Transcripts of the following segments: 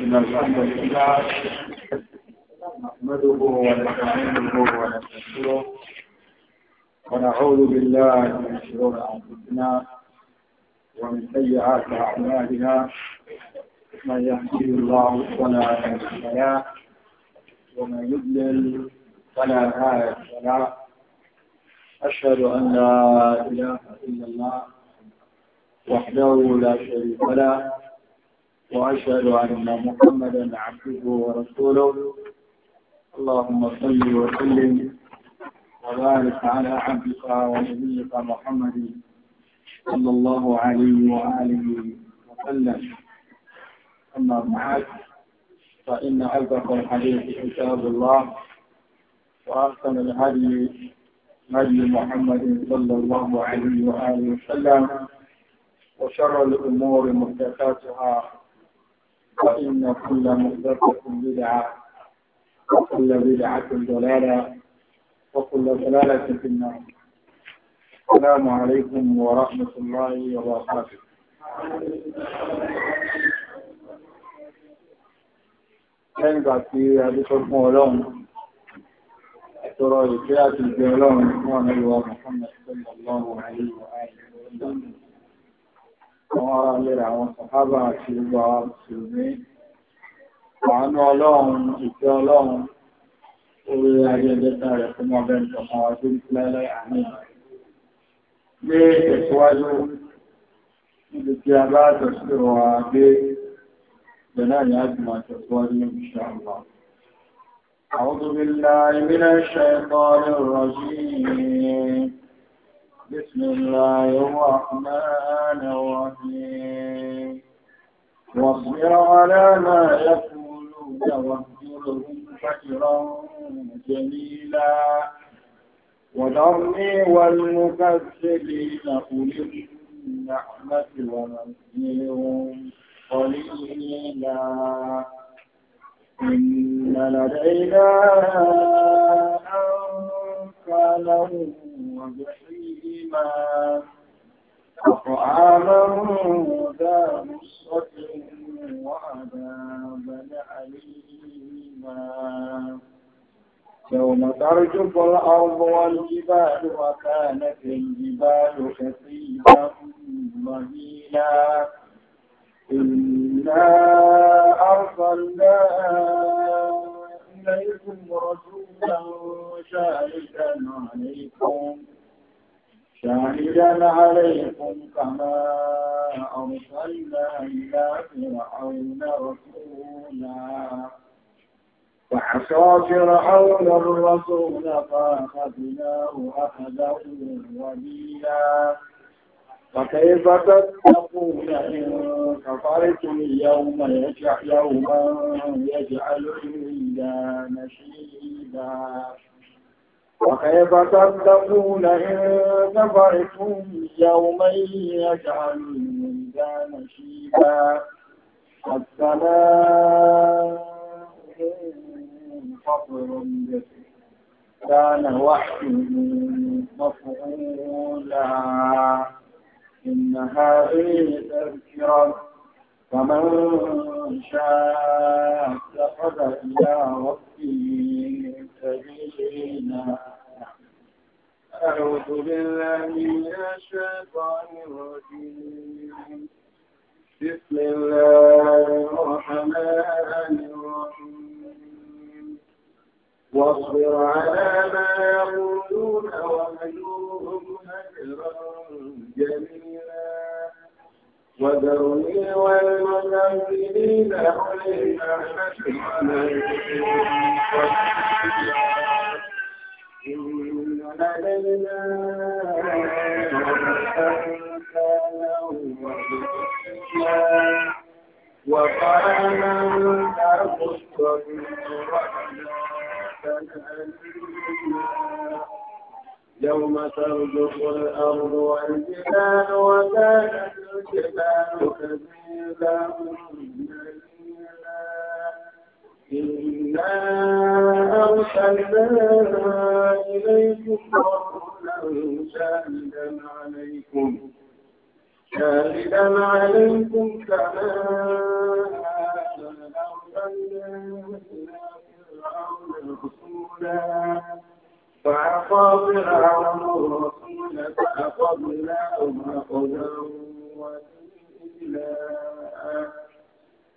إن الحمد لله نحمده ونستعينه ونستغفره ونعوذ بالله من شرور أنفسنا ومن سيئات أعمالنا من يهديه الله فلا مضل له ومن يضلل فلا هادي له أشهد أن لا إله إلا الله وحده لا شريك له وأشهد أن محمدا عبده ورسوله اللهم صل وسلم وبارك على عبدك ونبيك محمد صلى الله عليه وآله وسلم أما بعد فإن أصدق الحديث كتاب الله وأحسن الهدي هدي محمد صلى الله عليه وآله وسلم وشر الأمور محدثاتها فإن كل محدثة بدعة وكل بدعة ضلالة وكل ضلالة في النار السلام عليكم ورحمة الله وبركاته lẹ́yìn ìgbà tí adékọ́ fún ọlọ́run àtọrọ ìfẹ́ àti ìgbẹ́ ọlọ́run fún ọ̀nà ìwà ọ̀nà fún ọ̀nà ìfẹ́ ọlọ́run àyè ìwà àyè ìwà ọlọ́run àwọn ará lè àwọn sàhábà àti gbogbo àwọn mùsùlùmí àánú ọlọ́run ìfẹ́ ọlọ́run orí ayé ẹ̀dẹ́ta rẹ̀ fún ọbẹ̀ ìjọba ọdún lẹ́lẹ́ àmì ní ìtẹ̀síwájú níbi tí a bá tẹ̀síwájú wa gbé بناء عزم تطورهم إن شاء الله أعوذ بالله من الشيطان الرجيم بسم الله الرحمن الرحيم واصبر على ما يقولون واهجرهم فجرا جميلا وذرني والمكذبين اولي النعمة ونذيرهم قليلا إن لدينا أنفالا وجحيما حميما وطعاما ذا نصرة وعذابا أليما يوم ترجف الأرض والجبال وكانت الجبال كثيبا مهيلا إنا أرسلنا إليكم رسولا شاهدا عليكم شاهدا عليكم كما أرسلنا إلى فرعون رسولا فعصى فرعون الرسول فأخذناه أخذا وبيلا فكيف تتقون إن كفرتم يوم يجعل يوما يجعل الولدان شيبا وكيف تصدقون إن كفرتم يوما يجعل الولدان شيبا السماء فطر به كان وحده مفعولا إن هذه تذكرة فمن شاء اتخذ إلى ربه سبيلا أعوذ بالله من الشيطان الرجيم بسم الله الرحمن الرحيم واصبر على ما يقولون واهجرهم هجرا جميلا وذرني والمكذبين أولي الأحد بدلنا وقالنا أبصر يوم ترجف الأرض والجبال وكانت الجبال كثيرا إنا أرسلنا إليكم رسولا شاهدا عليكم شاهدا عليكم كما أرسلنا إلى فرعون رسولا فعصى فرعون الرسول فأخذناهم أخذا وإلا فكيف تتقون إن كفرتم يوما يجعل الولدان شيبا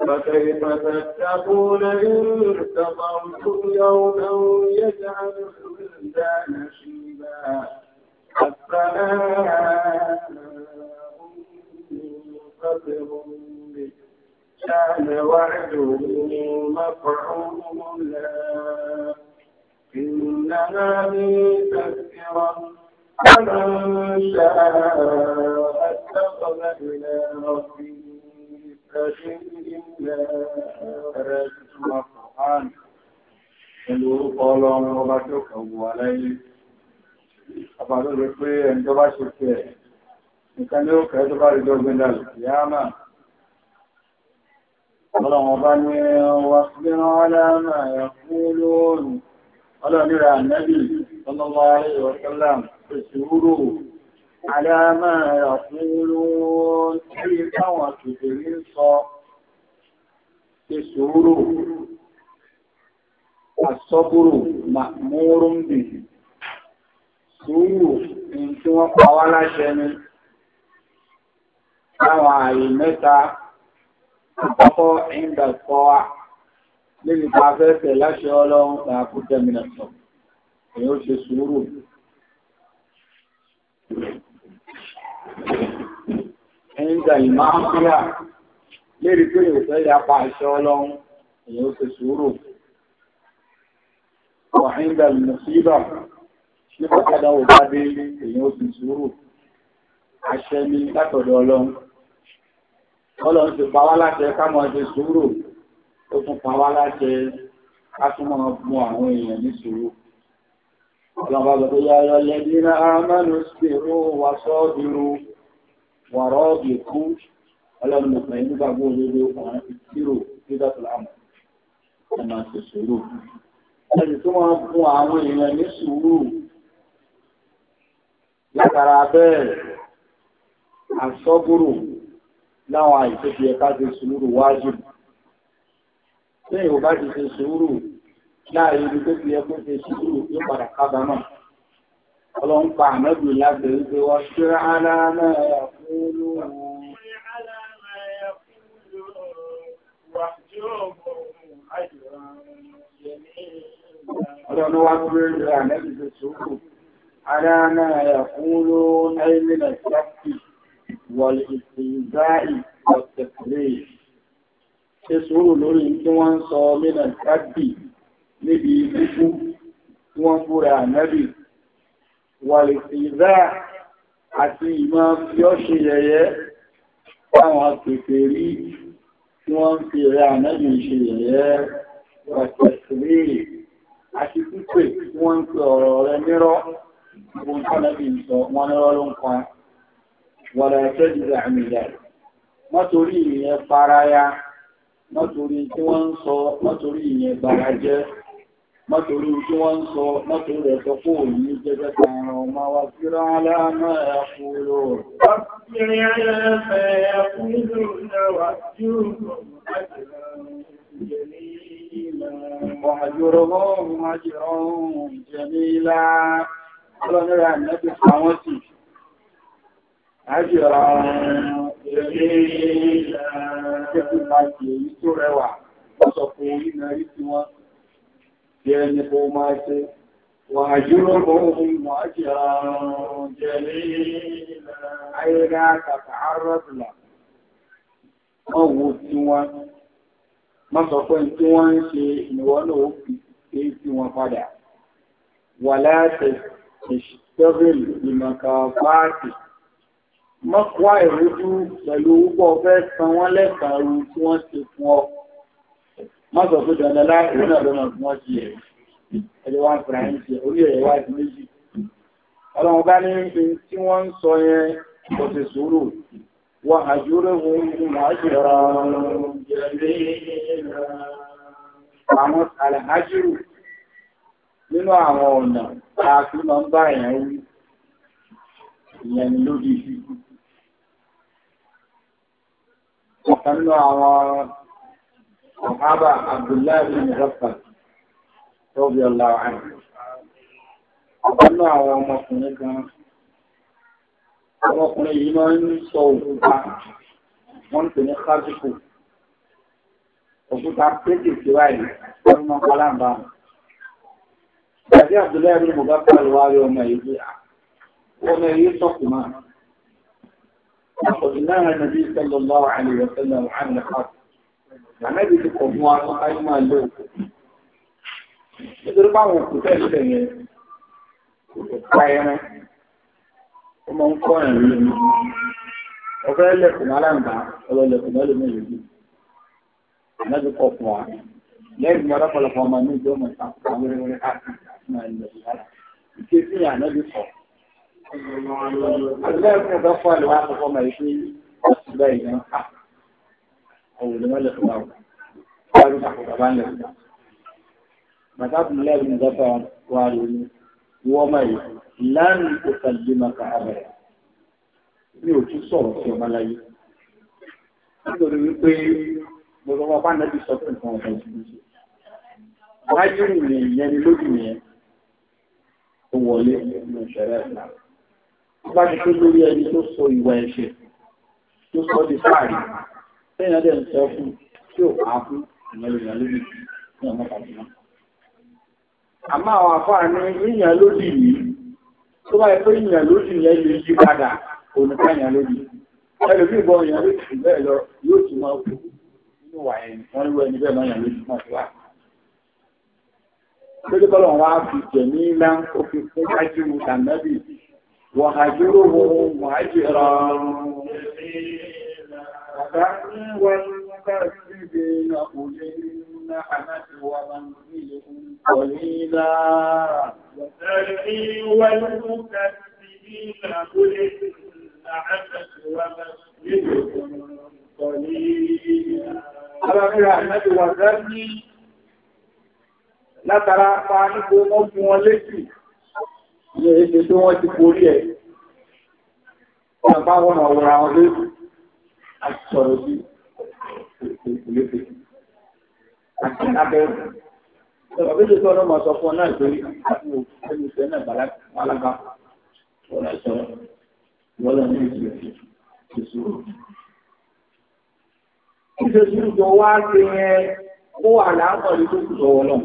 فكيف تتقون إن كفرتم يوما يجعل الولدان شيبا السلام منفطر به كان وعده مفعولا لنا به تذكرة فمن شاء اتخذ إلى ربه Pẹ̀lú orúkọ ọlọ́run ọba tó kàwò aláyé, àbàlò rẹ̀ pé ẹni tó bá ṣe fẹ́ ẹ̀, nìkan ní ó kẹ́ tó bá rí lọ́gbẹ́ dàlù kìí á máa. Ọlọ́run ọba ní wà fún ọlọ́run àyàkúrò lóòrùn ọlọ́nira nẹ́bí ọlọ́mọ ayọ̀kọ́lá òṣèwúrò aláàmà ọ̀fúnrún tí káwọn kìdìrí ń sọ ìṣòro àṣọ́bùrù màmúrún bì sùúrù ní tí wọ́n pa wá láṣẹ ni láwọn ààyè mẹ́ta àkọ́kọ́ ìgbà kọ́ níbi tá a fẹ́ tẹ̀ láṣẹ ọlọ́run tá a kú tẹ́mínà sọ èyí ó ṣe sùúrù. ẹ̀yin ìgbà yìí máa ń fúyà lérí pé èyí fẹ́ ya pa àṣẹ ọlọ́run èyí ó ṣe sùúrù. ọ̀hìn ìgbà yìí mo sí bà nípa dé èyí ó ṣe sùúrù. àṣẹ ni látọ̀dọ̀ ọlọ́run ọlọ́run ti pa wá láṣẹ ká máa sùúrù ó tún pa wá láṣẹ ká tún máa mú àwọn èèyàn ní sùúrù. Ìjọba gbogbo ya yọ lẹ́bí náà ámánú sí ìró wa sọ́ọ́dúró wà rọ́ọ̀bì kú ọlọ́run nìkan yìí nígbà gbọ́ olórí ọkùnrin ìṣirò tí dọ́tò láàmú ẹ̀ máa tó máa fún àwọn èèyàn ní sùúrù látara bẹ́ẹ̀ àṣọ́gbòrò láwọn àìsèkì ẹ̀ka ti sùúrù wájú lẹ́yìn ò bá ti ṣe sùúrù láàyè ibi tó ti yẹ kó ṣe sùúrù yóò padà kábàámọ̀ ọlọ́run pa ànábì láti wípé wọ́n ṣe aláàmà ẹ̀kúnlù ọlọ́run wá gbé rẹ̀ ànábì ṣe sùúrù aláàmà ẹ̀kúnlù ẹ̀mí nàìjíríà wọ̀lì ìsìn ìgbà ìpọ̀tẹ̀kùnrin ṣe sùúrù lórí tí wọ́n ń sọ mínà kábì níbi ikú tí wọ́n ń búra ànábì wàlìsìdá àti ìmọ̀ fi ọ́ ṣe yẹ̀yẹ́ fáwọn pèpè rí tí wọ́n ń fi rẹ̀ ànábì ṣe yẹ̀yẹ́ wàtẹ̀sìrí àti pípè tí wọ́n ń pe ọ̀rọ̀ rẹ̀ nírọ́ gbogbo ànábì sọ wọn nírọ́ ló ń pa wàlẹ̀ ẹ̀kẹ́ dìde àmì ìyá rẹ̀ mọ́tò rí ìyẹn fara ya mọ́tòrí tí wọ́n ń sọ mọ́tòrí ìyẹn gbàrà jẹ́ mọ́tòrí tí wọ́n ń sọ mọ́tòrí rẹ̀ sọ pé òun ní jẹ́jẹ́ kan ọmọ sí rárá náà ẹ̀ ọkùnrin ẹlẹ́fẹ̀ ẹ̀ kúrò náà wá sí òun láti rà àjọ̀rọ̀ ìrìnlẹ̀ ìjẹ́kùnmájì èyí tó rẹwà lọ́sọ̀ fún orílẹ̀ rí tí wọ́n jẹ́ ní kó máa ṣe wà jùlọ ohun mọ̀ájìrà jẹ́lẹ̀ ayẹ́rẹ́ àtàkà arọ́bìlà wọ́n wo tí wọ́n mọ́sọ̀ pé fáàkì mọ́kúá ìrújú pẹ̀lú púpọ̀ fẹ́ san wọ́n lẹ́sàárù tí wọ́n ti fún ọ. má sọ pé dandan láti náà lọ́nà tí wọ́n ti yẹ̀ ẹ̀rọ wa ń fara ẹni ṣe orí ẹ̀rọ wa ti méjì. ọlọ́run bá ní ní tí wọ́n ń sọ yẹn kò sì sùúrù wọ́n àjúrẹ́hùn máa ṣe ra àwọn àlàájírù nínú àwọn ọ̀nà tá a fi máa ń bá èèyàn wí ìyẹn lódì sí ọ̀kan nínú àwọn ọ̀hábà Abdullahi bin Muzaffar rọ́bì ọ̀la àìní ọ̀kan nínú àwọn ọmọkùnrin kan ọmọkùnrin yìí máa ń sọ òkúta wọ́n ń pè ní kájúkù òkúta péjì síwáyé wọ́n máa ń palábà Abdullahi bin Muzaffar wáyé ọmọ yìí ọmọ يقول لها النبي صلى الله عليه وسلم عن الحق àmẹ́bí na pọ̀ fún wa tó ká yín máa lò nítorí báwọn òkú tẹ́lẹ̀ yẹn kò pa ẹran ó máa ń kọ́ ẹ̀rín lómi ọ̀fẹ́ lẹ̀kùn aláǹgbá ọlọ́lẹ̀kùn lọ́lọ́mọ Àdúgbò ẹ̀fọ́ fún àlùwà àkọ́kọ́ máa ṣe ọ̀sùnbà yìí náà. Àwọn olùmọ̀ lè fún àwọn. Wọ́n á rí àkọ́kọ́ bàbá ń lè fún àwọn. Bàtà Abdullahi bin Zafa wà lónìí. Wọ́n máa yìí lánàá ìkọ́sà lè máa ka abẹ̀rẹ̀. Mi ò tún sọ̀rọ̀ sí ọmọ láyé. Nítorí wípé mo sọ náà ti sọ fún nǹkan ọ̀sán ìṣúná. Wájú ìrìn ìyẹn ni lójú ìyẹn. Ó wọlé nínú ìṣẹ̀lẹ̀ ìlànà bá ti pé lórí ẹni tó sọ ìwà ẹ̀ṣẹ̀ tó sọ di fáàrí tẹ́yìn ọdẹ ń sọ fún tí ò pa fún ìyẹn lórí ní ọmọ kàdúnà àmọ́ àwọn àfáà ní yíyàn lódì yìí tó bá yẹ pé yíyàn lódì yẹn lè yí padà òníkà yàn lódì ẹlòmíì bọ yàn lódì bẹ́ẹ̀ lọ yóò tún máa kú nínú wà ẹni wọn lé ẹni bẹ́ẹ̀ máa yàn náà wà lójú kọlọ̀ wọn á fi jẹ̀mí ńlá ó fún ájú وهجره هجرا وذرني والمكذبين أولي النعمة ومنزلهم قليلا وذرني والمكذبين أولي النعمة ومنزلهم قليلا أبا أحمد وذرني لا ترى فاني قوموا لكي ní tí wọ́n ti forí ẹ̀ ọ̀pá wọn àwòrán àwọn lé àti sí ìpìlẹ̀pẹ̀ àti abẹ́rù ọ̀pá bí tètè ọlọ́mọ sọ fún ọ náà ìgbérí àti òkú ìfẹ́ náà bàlágà ọ̀nà ìsọ̀rọ̀ ìwọ́lọ̀ ní ìsìlẹ̀ ìṣòro. Ìṣèṣirò tó wá sí yẹn kó àlàáfọ̀ ní tó kù sọ̀wọ́ náà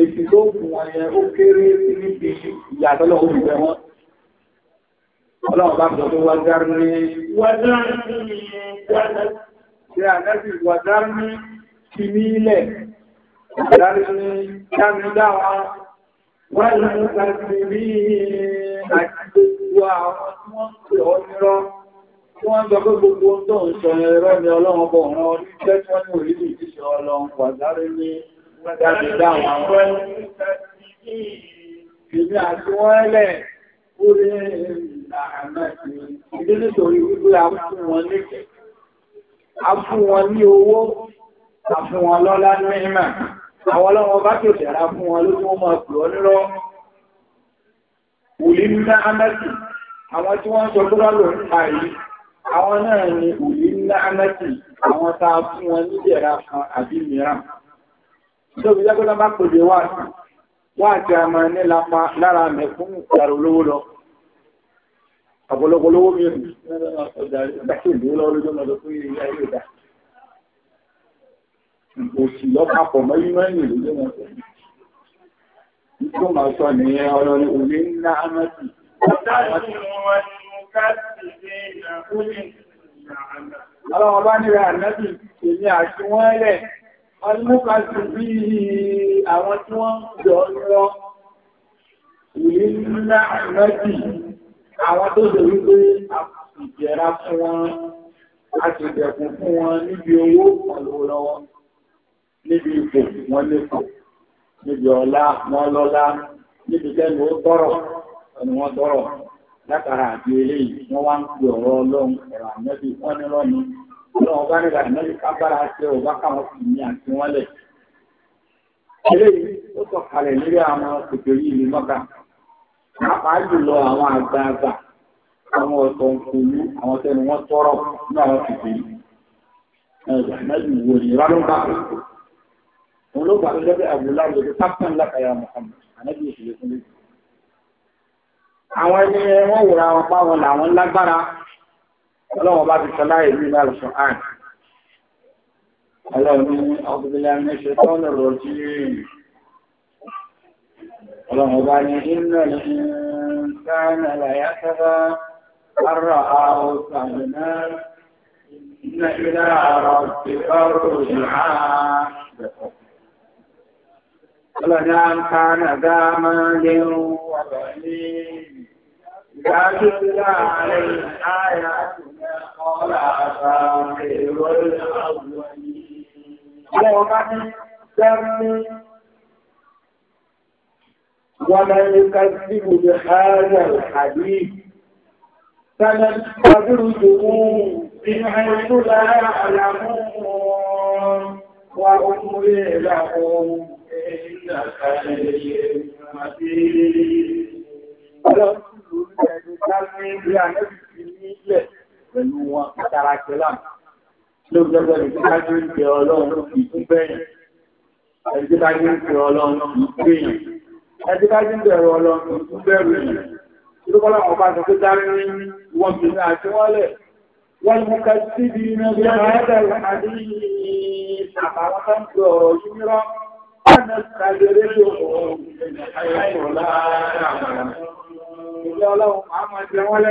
èsì tó fún wọn yẹn ó kéré sí níbi ìyàtọ̀ lọ́wọ́ ìgbẹ́ wọn. Ọlọ́run bá sọ pé wàdárì ní. Wàdárì ní wàdárì. Ṣé àdájú wàdárì ní ti ní ilẹ̀? Wàdárì ní dámi dáwà. Wàdárì láti rí àti gbogbo àwọn tí wọ́n Tí wọ́n ń pé gbogbo ohun tó ń sọ ẹ̀rọ ni ọlọ́run bọ̀ ọ̀ràn oníṣẹ́ tí wọ́n ní òrìlì ìṣẹ́ ọlọ́run wàdárì ní. Dábì dá àwọn ìbí àti wọ́n lẹ̀ orí ìlànà ìdí nítorí wípé a fún wọn ní a fún wọn ní owó a fún wọn lọ́lá ní ìmọ̀ àwọn ọlọ́wọ́ bá tó dára fún wọn ló tó mọ̀ pè ọ́ nírọ́ òlì ní amẹ́sì àwọn tí wọ́n ń sọ tó lọ́lọ́ ń yìí àwọn náà ni òlì ní amẹ́sì àwọn tá a fún wọn ní ìdẹ̀ra kan àbí mìíràn tóbi jẹ́ bá pèdè wá wá àti àmà ní lápá lára mẹ́ fún ìdàrú olówó lọ ọ̀pọ̀lọpọ̀ olówó mi ìdáṣẹ́ ìlú lọ lójú ọmọdé fún ilé ayé ìdá òsì lọ́pàpọ̀ mẹ́rin mẹ́rin lójú ọmọdé tó máa sọ nìyẹn ọ̀rọ̀ ní òní ńlá amẹ́sì Ọlọ́run bá nílẹ̀ ànẹ́bì èmi àti Ọlọ́pàá bí àwọn tí wọ́n jọ lọ ìrìnlá ìrọ́jì àwọn tó lè wípé ìjẹra fún wọn, a ti dẹ̀kùn fún wọn níbi owó ọ̀lọ́wọ́, níbi ipò wọn lépò, níbi ọlá wọn lọ́lá, níbi tẹ́nu ó tọ́rọ̀, ọ̀nà wọn tọ́rọ̀ látara àti eléyìí wọ́n wá ń pè ọ̀rọ̀ ọlọ́run ẹ̀rọ àmẹ́bí wọ́n ní lọ́nà ọlọ́run bá nígbà ìnáwó kábàrà ṣe ò bá káwọn sì ní àti wọn lẹ̀. eléyìí ó sọ̀kalẹ̀ lórí àwọn kòtòrí ìlú mọ́ta pàápàá jùlọ àwọn àgbààgbà àwọn ọ̀tọ̀ nkùnú àwọn tẹnu wọn tọrọ ní àwọn kòtòrí. ẹ̀ẹ́dì wò ní rálọ́gbà òun ló gbà lọ́jọ́ pé àbúlá lòdì sápẹ́ń lákàyà Muhammad ànábì ìṣèlú fún mi. àwọn ẹni wọn wòra wọn pa wọn làwọn lágbára اللهم بارك السماء في مال القران اللهم اعوذ بالله من الشيطان الرجيم اللهم بارك ان الانسان لا يحفظ ان راه سهلنا ان الى ربك الرجعى فلنعم كان ذا مال وبنين إذا تتلى عليه الآيات قال أساطير الأولين يوم الدم ومن يكذب بهذا الحديث سنستدرجهم من حيث لا يعلمون وأملي لهم إن خير متين. Ọlọ́run ló ń tẹ̀lé ká ní ilé àná ìsinmi ilẹ̀ pẹ̀lú wọn látara kẹlá ló gbẹgbẹ ní kíkájú ń pè ọlọ́run kì í bẹ́yìn ẹni kíkájú ń pè ọlọ́run kì í bẹ́yìn ẹni kíkájú ń bẹ̀rù ọlọ́run kì í tún bẹ̀rù yìí bá sọ pé dárí wọn kì í àti wọn lẹ̀ wọ́n mú ká síbi iná bí wọ́n á dàrú àdé àbáwọn tó ń pè ọ̀rọ̀ yìí mìíràn wọ́n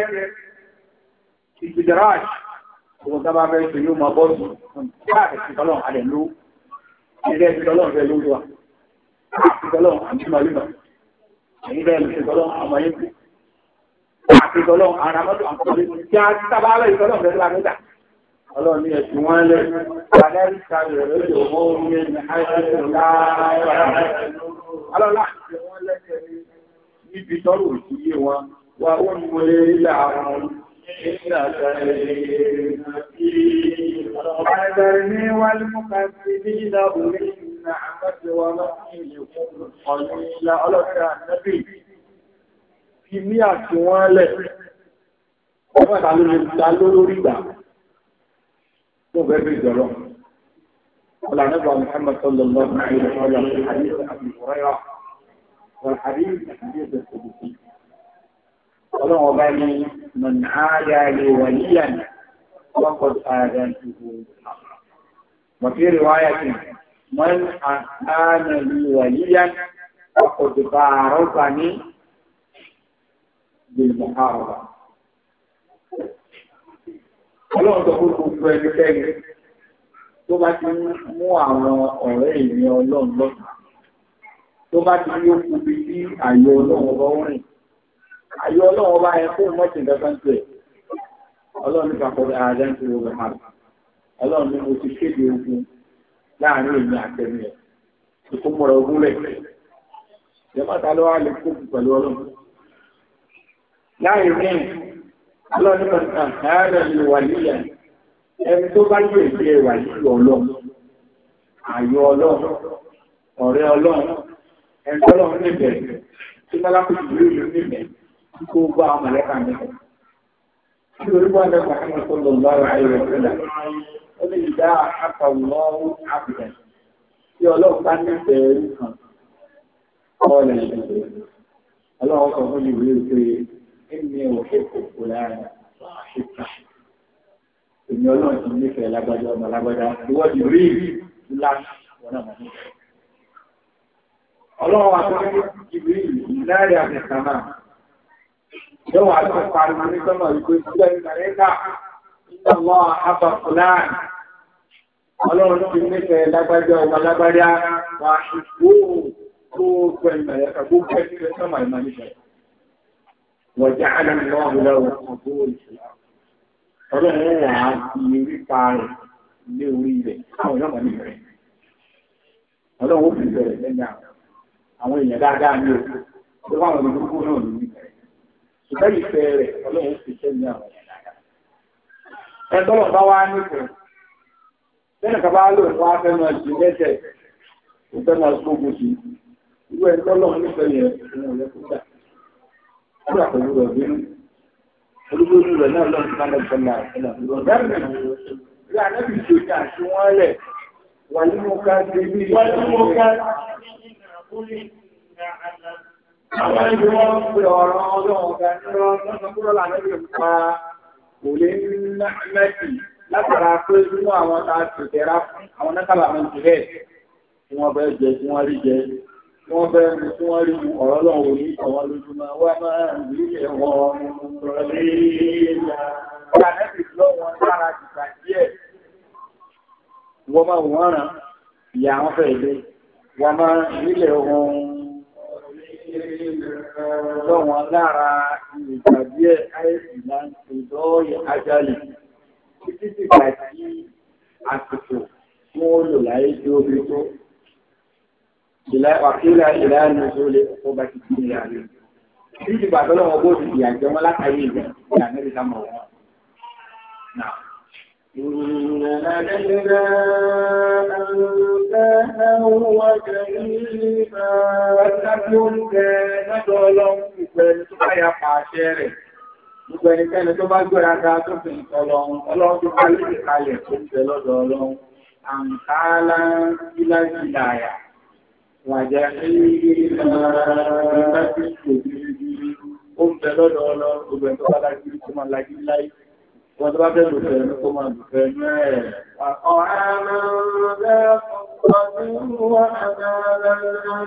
náà ìgbìdàraj òun tá bá fẹ́ ṣe yóò máa bọ́ sí káàkiri ìtọ́lọ́run alẹ̀ ló lórí wa ìtọ́lọ́run àti ní àti ní ẹ̀sùn wọn lẹ́ Alẹ́ríkà rẹ̀ wọn wà ó ń àwọn وذرني والمكذبين أولي النعمة ومهلهم قليلا على النبي fi ní àtiwọ́n lẹ̀ ọgbà ta ló lè ta lórí ìgbà tó fẹ́ fi jọ̀rọ̀. Ọlànà bá Muhammad sallallahu alaihi wa sallam àdéhùn àbí ìwúrẹ́rà wọn àdéhùn àbí ìbẹ̀rẹ̀ ọlọ́run ọba ní mọ̀nà àádáyé wà níyànà wọ́pọ̀ àádá ìbò mọ̀fíìrì wáyà tí wọ́n àádá ìwà níyànà wọ́pọ̀ tó bá àrọ́bà ní gbèmọ̀ àrọ́bà. ọlọ́run tó kó gbogbo ẹni kẹ́ni tó bá ti mú àwọn ọ̀rẹ́ ìrìn ọlọ́run lọ́sàn tó bá ti yóò kú bí àyè ọlọ́run ọba ó rìn àyọ ọlọ́run bá yẹ fún mọ́tì kankan tó ẹ̀ ọlọ́run nípa kọ́ ààrẹ tó wọ́n ha ọlọ́run ní mo ti kéde ogun láàrin èmi àtẹnu ẹ̀ kókó mọ̀rọ̀ ogun rẹ̀ ìjọba ló wà lè kókù pẹ̀lú ọlọ́run láàrin mẹ́rin ọlọ́run nípa kan ààrẹ mi wà níyà ẹni tó bá yóò ṣe wà nílùú ọlọ́run àyọ ọlọ́run ọ̀rẹ́ ọlọ́run ẹni tọ́lọ́run níbẹ̀ tí mọ́lá kó gbọ́ àwọn mọ̀lẹ́kà mi. Nítorí wọn lọ gbàgbé mi kó lọ lọ́rọ̀ ayé rẹ̀ sílẹ̀. Ó lè dá àkàwọ̀ àbùdá. Tí ọlọ́run bá ní bẹ̀rù kan, kọ́ lẹ̀ ṣe. Ọlọ́run sọ fún ìwé pé èmi ò ṣe kòkò lára ṣíkà. Èmi ọlọ́run ti nífẹ̀ẹ́ lágbájá ọmọ lágbájá. Ìwọ́dì rí ńlá wọn náà mọ̀ nífẹ̀ẹ́. Ọlọ́run wa tó ní yóò wá tó pariwo ní sọ́nà ìgbé sílẹ̀ ìgbàlẹ́ta nígbà wọn àbá fúlàn ọlọ́run ti nífẹ̀ẹ́ lágbájá ọmọ lágbájá wà ṣùgbọ́ tó pẹ̀ ìmọ̀lẹ́ka gbogbo ẹ̀ṣẹ̀ sọ́mà ìmọ̀lẹ́ka wọ́n jẹ́ àlọ́ ọ̀hún ọlọ́run wà á fi orí pa rẹ̀ lé orí rẹ̀ káwọn yọ̀mọ̀ ní rẹ̀ ọlọ́run ó fi bẹ̀rẹ̀ lẹ́yìn àwọn èèyàn dáadáa ní o tó bá wọn lè dúró náà ní ṣùgbọ́n ìfẹ́ rẹ̀ ọlọ́run ti tẹ́ ní àwọn ẹ̀dá. ẹ tọ́lọ̀ bá wá nífẹ̀ẹ́ sẹ́nì kan lò fún afẹ́ máa ju lẹ́sẹ̀ kó fẹ́ máa gbógun sí irú ẹ tọ́lọ̀ nífẹ̀ẹ́ yẹn ìṣẹ̀lẹ̀ rẹ̀ kó dà kó dà pẹ̀lú rẹ̀ bínú olúborí rẹ̀ náà lọ́nà tí wọ́n fẹ́ máa ṣẹlẹ̀ ìrọ̀lẹ́ rẹ̀ rí àlẹ́bí tó dà sí wọ́n lẹ̀ wà nínú ká Àwọn ẹgbẹ́ wọn pè ọ̀rọ̀ ọlọ́run ọ̀gá nínú ọ̀nà kúrò lànàbí pa kò lè ní mẹ́tì látara pé nínú àwọn ta tẹ̀tẹ̀ra fún àwọn nẹ́kàlà àwọn ìjìnlẹ̀ tí wọ́n fẹ́ jẹ tí wọ́n rí jẹ tí wọ́n fẹ́ mú tí wọ́n rí mú ọ̀rọ̀ lọ́wọ́ ní ọ̀wọ́ lójúmọ́ wá máa ń lọ́wọ́n lára ìgbà díẹ̀ káyọ̀sì là ń ṣe lọ́ọ̀yẹ̀ ajálẹ̀ títí dìgbà tí àsìkò tí wọ́n lò láyé tí ó fi tó wàkílà ìlànà tó lè kó bá ti kí ìyá rẹ̀. Títí dìgbà tó lọ́wọ́ bó ti ìyà wọn látàrí ìyà ìyà níbi táwọn إنا لدينا أنساها وجريبا أتكون كانت ولو ìpẹ̀lú tó bá ya pa àṣẹ rẹ̀. Gbogbo ẹnikẹ́ni tó bá gbéra ga tó fi ìtọ́ lọ́run, ọlọ́run tó bá lè kalẹ̀ tó ń bẹ lọ́dọ̀ ọlọ́run. Àǹkálá ìlàjìlà àyà. Wàjà sí ìgbà tí kò bí ó ń bẹ lọ́dọ̀ ọlọ́run, gbogbo ẹ̀ tó bá lájú tó máa lájú láyé wọ́n tó bá fẹ́ lò fẹ́ ní kó máa lò fẹ́ ní ẹ̀. Ọ̀hánà rẹ̀ ọ̀pọ̀ ní wọ́n àdára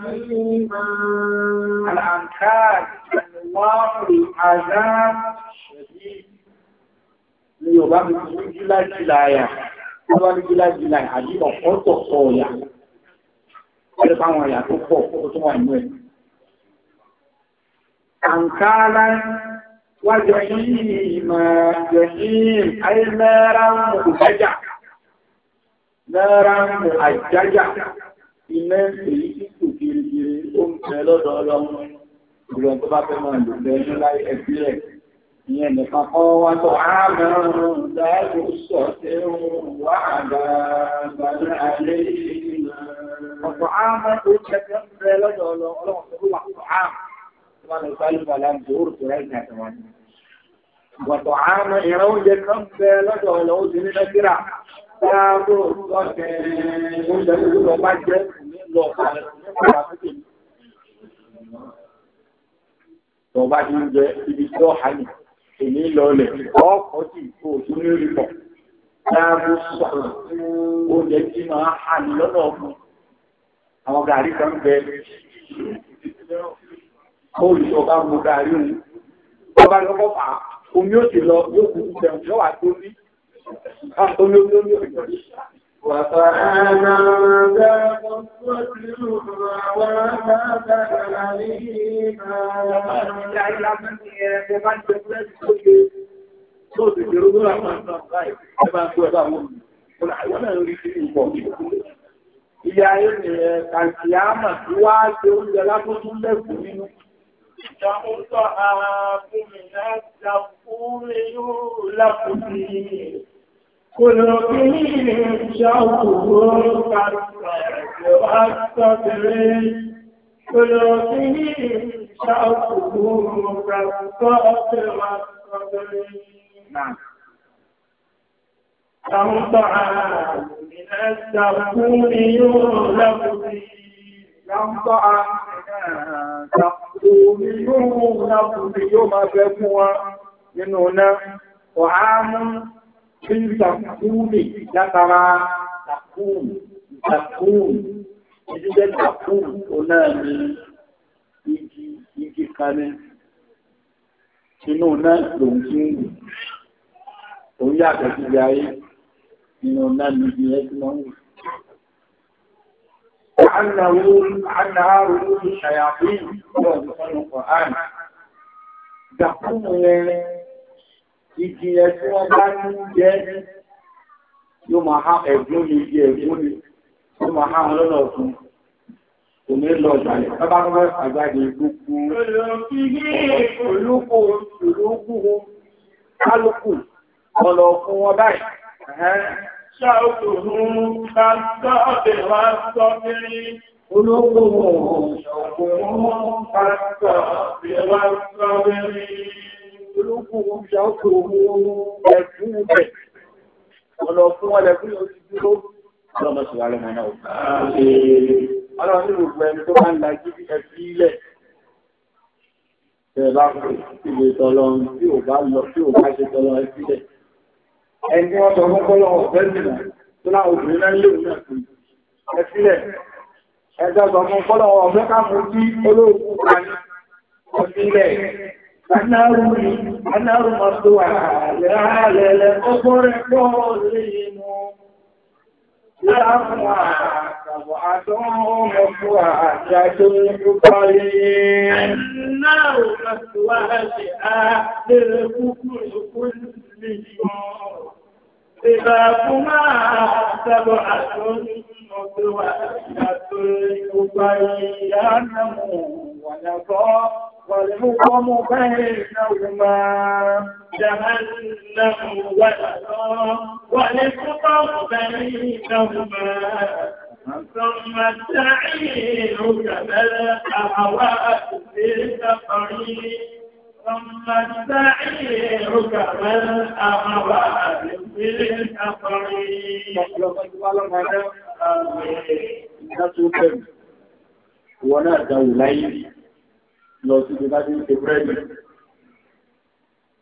ní ìmọ̀. Àlàkáà wọ́n rí àdá ṣẹ̀dí. Ní Yorùbá mi ti ní gíláàgílà àyà. Wọ́n bá ní وجحيم جحيم أي نارا مؤججة نارا مؤججة iná èyí tí kò kirikiri ó ń tẹ lọ́dọ̀ ọlọ́run ìgbìyàn tó bá fẹ́ máa lò lẹ́nu láì ẹbí rẹ̀ ìyẹn nìkan kọ́ wá tó àmọ́ràn dáàbò sọ pé wà àgbààgbà wà tó àmọ́ wọn lè sáré balà dòwúrò tó láì jà tẹ̀wọ́n ni. Wọ̀tọ̀ àmọ́ ìran oúnjẹ kan bẹ lọ́dọ̀ ọ̀nà oṣù ní Nàìjíríà. Sáàbù lọ́sẹ̀ oúnjẹ tó lọ bá jẹ́ lọ Tọ̀ba ti ń jẹ ibi tí ó hàn èmi lọlẹ̀ ọkọ̀ tí kò tún ní rí pọ̀. Sáàbù sọ̀rọ̀ oúnjẹ tí máa hàn lọ́nà ọkùnrin. Àwọn gàrí kan bẹ olùsọ̀bá mú gàrí òun ọba lọ́kọ́ fà á omi ó ti lọ yóò kú bẹ̀rù yóò wà tó ní omi omi omi omi Wàtàrànà ọ̀gá ọ̀pọ̀ tí ó wà látàrà ní ìgbà. Ìjà ìlànà ni ẹ̀ẹ́dẹ̀ bá jẹ́ pẹ́lú ìgbòkè tó ti jẹ́rú lọ́la máa ń tàn báyìí. Ẹ bá ń kó ẹ̀bá wọn. Wọ́n náà rí sí ìpọ̀ ìyá ẹni ẹ̀ kàkìyàmà tí wá ṣe oúnjẹ lábójú lẹ́kùn nínú تعطها من الزقوم يولق فيه كل فيه شوق كالصدر كل فيه شوق كالصدر نعم تنطع من الزقوم يولق فيه تنطع Omi yóò mú náà fún mi yóò máa bẹ fún wa nínú náà. Ọ̀hámú tí ń sàkúrì látara sàkúrì, sàkúrì, ìdíjẹ́ sàkúrì tó náà ní igi igi kalẹ̀. Inú náà lòun tí ń wù. Òun yàtọ̀ sí ayé. Inú náà ní ibi A أنها رؤوس الشياطين هو دخول القرآن تقوم ìjìnlẹ̀ tí wọ́n bá ń jẹ́ yóò máa há ẹ̀gbọ́n ní ibi ẹ̀gbọ́n ní yóò máa há ọlọ́nà ọ̀tún ṣàkóhun kásọ̀bẹ̀ wá sọ́bìrín. Olóko ṣàkóhun kásọ̀bẹ̀ wá sọ́bìrín. Olóko ṣàkóhun ẹ̀fún bẹ̀. Ọ̀nà fún ọlẹ́kùn yóò ti dúró. Ọlọ́mọ ṣe wà lọ́mọ náà. Ọlọ́run ní gbogbo ẹni tó máa ń la jíjí ẹbí lẹ̀. Bẹ́ẹ̀ bá kú sí ilé tọ́lọ́run tí ò bá lọ tí ò bá ṣe tọ́lọ́run ẹbí lẹ̀ ẹni tí wọ́n sọ fún kọ́lọ̀ ọ̀fẹ́ jìnà tó náà obìnrin náà lè ní ẹ̀sílẹ̀ ẹjọ́ sọ fún kọ́lọ̀ ọ̀fẹ́ káàmù sí olóògùn kan ẹ̀sílẹ̀ Anáàrù máa tó ọgbọ́rẹ́ pọ́ lè mú. Láàrùn àkàbọ̀ fún àjájọ́ ní púpọ̀ lè. Anáàrù مليون سباكما سبعة متوالة يبينه ونظام والحكم بينهما جهنم والنار والحكم بينهما ثم السعير كما الأهواء في سفري ثم السعير كمن أمر بالكفر Wọ́n náà dá wù láyé lọ sí ti bá ti ń ṣe búrẹ́dì.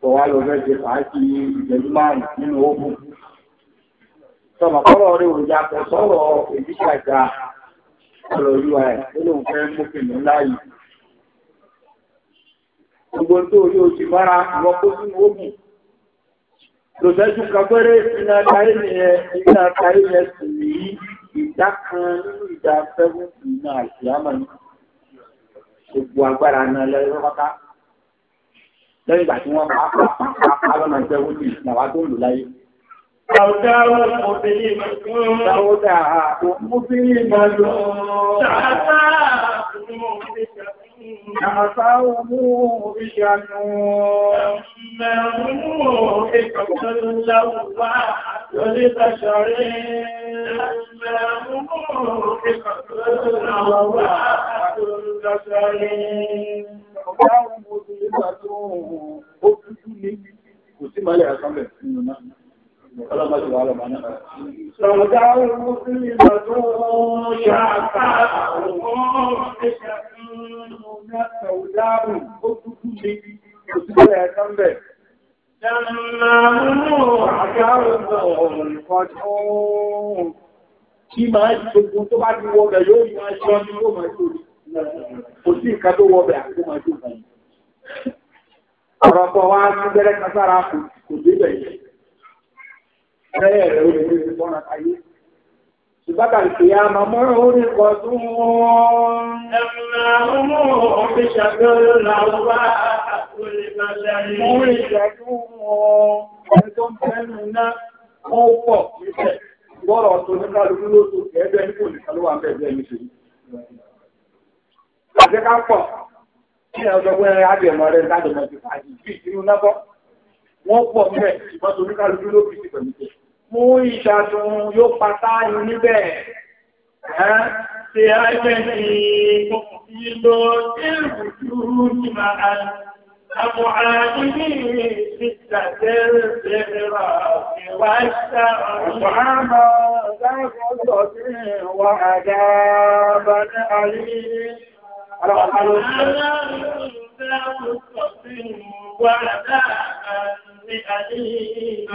Ọ̀wá lọ fẹ́ ṣe fàájì ìjẹ̀lú márùn-ún nínú ogun. Sọmọ̀ kọ́rọ̀ rí òjá pẹ̀ sọ́rọ̀ èyí ṣàjá ọ̀rọ̀ yúwa ẹ̀ tó lóun fẹ́ mú kìnnìún láyìí gbogbo tó rí oṣù mara lọ kó sínú ogun lòṣẹ́jú kagbẹ́rẹ́ iná káyé nìyẹn iná káyé yẹn sì ní ìdá kan nínú ìdá fẹ́gùn iná àti àmàlú gbogbo agbára náà lẹ́yìn pátá lẹ́yìn ìgbà tí wọ́n bá pàápàá lọ́nà ìjẹ́wó ní ìsìnàwá tó ń lò láyé. Àwùdáwò obìnrin máa ń lò. Àwùdáwò obìnrin. عفوه بشنوه ما هو لوى ولبشر ما هو لوى ولبشر Ọjọ́ àwọn ọmọ òṣèlú àti ohun ó tútù ní kò sí máa lè àkọ́mẹ̀ nínú náà ọlọ́mọ ti wà lọ́mọ máa gbogbo tó tó wọ́bẹ̀ àti máa ṣe òkàn. Ọ̀rọ̀ kan wá sí bẹ́rẹ̀ kan kò débẹ̀ yìí bẹ́ẹ̀ rẹ̀ ó lè lè fọ́nà ayé. Ṣùgbọ́n kì á máa mọ́rọ̀ ó ní kọ tó wọ́n. Ẹ̀fúnà ọmọ ọ̀fẹ́ ṣàgbọ́rọ̀ làwọn wá olùgbàlẹ̀. Mú ìṣẹ́jú wọn, ẹni tó ń bẹ́nu náà, ó pọ̀ níbẹ̀. Gbọ́rọ̀ kí ni ọjọ́ pé àjẹmọ́ rẹ̀ ń dájọ́ mọ́ fàájì, bí ìṣirú náà Wọ́n pọ̀ níbẹ̀, ìbọn tó ní kálukú ló fi ti pẹ̀lú tẹ̀ fún ìṣàtún yóò pátá níbẹ̀ ṣe àìbẹ̀ni ìlò ìrùjú ní máa àmọ́ àìní ìṣàtẹ́ ìṣẹ́ra ìwà ìṣàmà láàrọ̀ wà àdábà ní àrí Àwọn akọ̀lọ́sọ̀rọ̀ Ọlọ́run